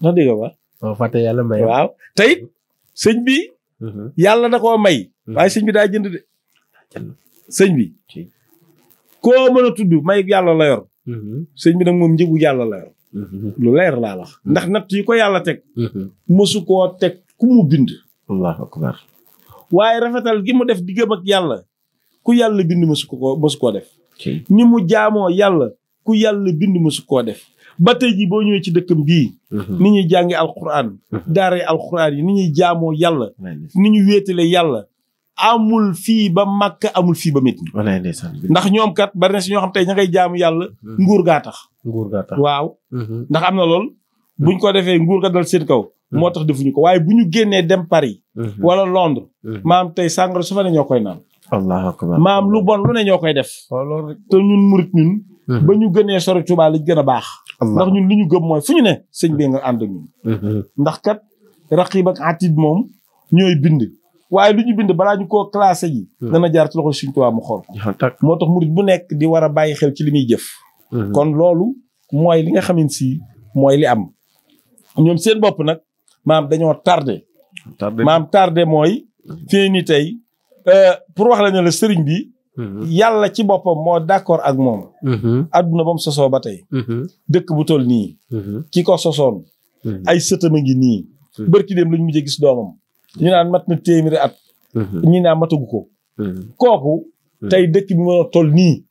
S2: ndax dégg nga ba
S1: fàtte yàlla may waaw
S2: tey sëñ bi yàlla da koo may waaye sëñ bi daa jënd de. sëñ bi. koo mën a tudd may yàlla la yor. Mm-hmm. sëñ bi nag moom njëgu yàlla la mm-hmm. lu leer laa wax. Mm-hmm. ndax natt yi ko yàlla teg. mësu koo teg ku mu bind. allahu akbar. waaye rafetal gi mu def diggam ak yàlla ku yàlla bind mësu koo mësu koo def. ni mu jaamoo yàlla ku yàlla bind mësu koo def. ba tey jii boo ñëwee ci dëkkam bii. ni ñuy jàngi alquran. daaree alquran yi ni ñuy jaamoo yàlla. ni ñu wéetale yàlla. amul fiba ba Makka amul fiba ba Medina. walay ndeysaan ndax ñom kat bari na ci ñoo xam tay ñay jaamu yalla hmm. nguur ga tax.
S1: nguur ga tax waaw. Hmm.
S2: ndax amna lool. Hmm. buñ ko defé nguur ga dal seen kaw. motax defuñu ko waye buñu génné dem Paris. wala Londres. maam tay sàngara su fa ne ñokoy naan.
S1: allahu akbar
S2: maam lu bon lu ne ñokoy def. Oh, te ñun murit ñun. ba ñu gëné soro tuba li gëna baax. ndax ñun li ñu gëm moy suñu ne señ bi nga and ñun. ndax kat raqibak atid mom ñoy bindi waaye lu ñu bind balaa ñu koo classé ji. Hmm. dana jaar ci loxo Sëriñ Tuubaa mu xool. moo tax murit bu nekk di war a bàyyi xel ci li muy jëf. Hmm. kon loolu mooy li nga xam si mooy li am. ñoom seen bopp nag maam dañoo tardé. tardé maam tardé mooy. fii nii tey euh, pour wax la ne la sëriñ bi. Hmm. yàlla ci boppam moo d'accord ak moom. adduna ba mu sosoo ba tey. dëkk bu toll nii. ci ko sosoon. ay sëtam a ngi nii. bërki dem lañ mujjee gis doomam. ñu naan mat na téeméeri at. Mhm. ñi naa matagu ko. Mhm. kooku. Mhm. tey dëkk bi mën toll nii.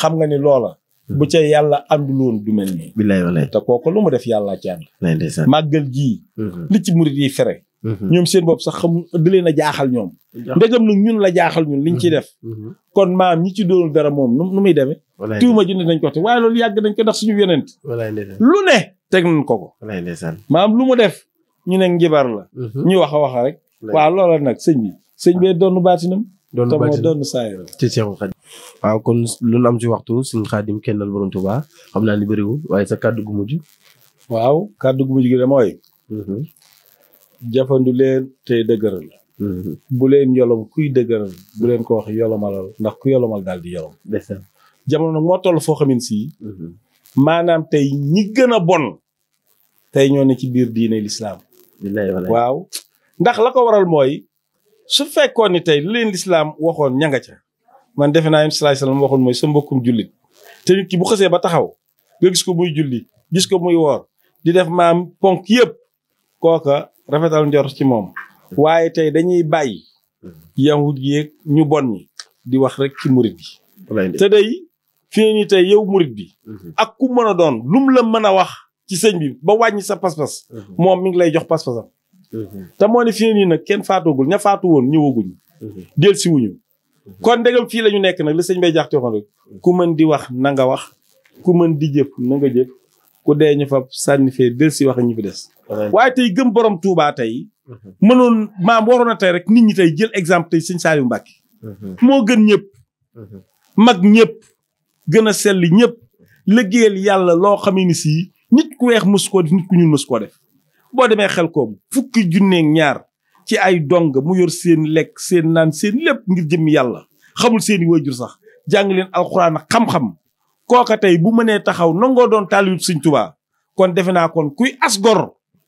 S2: xam nga ni loola. bu ca yàlla àndul woon du mel nii. bilaay walaay te kooku lu mu def yàlla ci ànd. màggal gii. li ci murit yi fere. ñoom seen bopp sax xam di leen a jaaxal ñoom. ndegam lu ñun la jaaxal ñun liñ ciy def. kon maam ñi ci doonul dara moom nu muy demee. tuuma junne nañ ko te waaye loolu yàgg nañ ko ndax suñu yonent lu ne teg nañ ko ko. maam lu mu def ñu ne njibar la. ñu wax a wax rek. waaw loola nag sëñ bi sëñ bee doonu baatinam te moo doonu saayiram ci Seexul Xadim waaw kon lu nu am ci waxtu sëñ Xadim kennal borom Tuubaa xam naa ni bëriwul waaye sa kàddu gu mujj waaw kàddu gu mujj gi de mooy mhm. jafandu leen tey dëgëral mhm. bu leen yolom kuy dëgëral bu leen ko wax yolomalal ndax ku yolomal daal di yolom jamono nag moo toll foo xamin si mhm. maanaam tey ñi gën a bon tey ñoo ne ci biir diine lislaam waaw ndax la ko waral mooy su fekkoon ni tey leen lislaam waxoon ña nga ca man defe naa yem salaay salaam waxoon mooy sa mbokkum jullit te nit ki bu xësee ba taxaw nga gis ko muy julli gis ko muy woor di def maam ponk yëpp kooka rafetal njor ci moom waaye tey dañuy bàyyi yahud yéeg ñu bon ñi di wax rek ci murit bi te day fii ni tey yow murit bi mhm. ak ku mën a doon mu la mën a wax ci sëñ bi ba wàññi sa pas mhm. moom mu ngi lay jox pas-pasam Mm-hmm. te moo ne fii nii nag kenn faatugul ña faatu woon ñëwaguñu. Mm-hmm. del si wuñu mm-hmm. kon ndegam fii la ñu nekk nag li sañ Bay Jaxate waxoon rek ku mën di wax na nga wax ku mën di jëf na nga jëf ku dee ñu fa sànni fee del si wax ñu fi des waaye tey gëm borom tuubaa tey mënoon maam waroon na tey rek nit ñi tey jël exemple tey sëñ Saliou Mbacke moo gën ñëpp mag ñëpp gën a sell ñëpp liggéeyal yàlla loo xamee ni sii nit ku weex mës koo def nit ku ñuul mës koo def boo demee xel koom fukki junneeg ñaar ci ay dong mu yor seen lekk seen naan seen lépp ngir jëm yàlla xamul seeni waajur sax jàng leen alxuraan xam-xam kooka tey bu mënee taxaw nangoo doon taalib Sëñ Tuubaa kon defe naa kon kuy as gor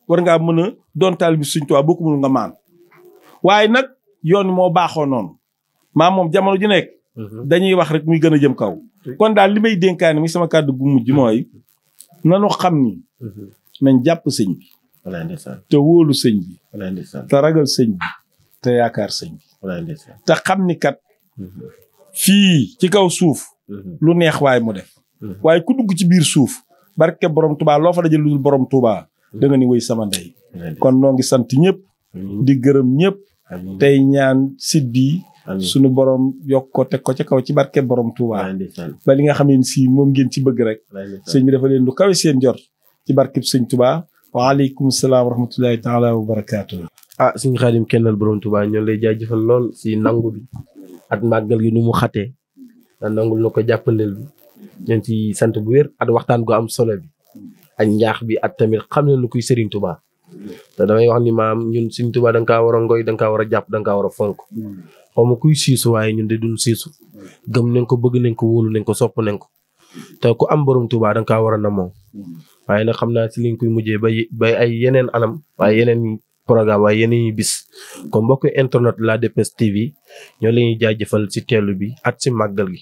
S2: war ngaa mën a doon taalib Sëñ Tuubaa boo ko mënul nga maan waaye nag yoon moo baaxoo noonu maa moom jamono ji nekk mhm. dañuy wax rek muy gën a jëm kaw kon daal li may dénkaane mi sama kàddu gu mujj mooy nanu xam ni mhm. nañ jàpp sëñ te wolu señ bi te ragal señ bi te yaakaar señ bi te xamni kat fi ci kaw suuf
S1: mhm. lu neex way mu def mhm.
S2: way ku dugg ci bir suuf barke borom tuba lo fa dajal lu borom tuba mhm. da nga ni way sama nday kon no ngi sant ñep di gërëm ñep tay ñaan sit sunu borom yok ko tek ko ci kaw ci barke borom tuba ba li nga si mom ngeen ci bëgg rek señ bi dafa leen lu seen jor ci barke señ tuba وعليكم السلام wa الله taala وبركاته ah sin xaadim kenal borom Tuubaa ñu lay jaajëfal lool si nangu bi at magal gi nu mu da nangul na jappandel bi ñoo ci sante bu wér at waxtaan gu am solo bi ak njaax bi at tamit xamna lu kuy Serigne Touba da damay wax ni maam ñun Serigne Touba da nga wara ngoy da nga wara japp da nga wara fonk kuy sisu ñun de duñ sisu gem nañ ko bëgg nañ ko wolu nañ ko sopp nañ ko taw ku am borom Touba da nga wara namo waaye na xam na ci liñ koy mujjee bay bay ay yeneen anam waaye yeneen programme waaye yeneen bis
S1: kon mbokk internet La Dépêche TV ñoo leen jaajëfal ci teelu bi at ci màggal gi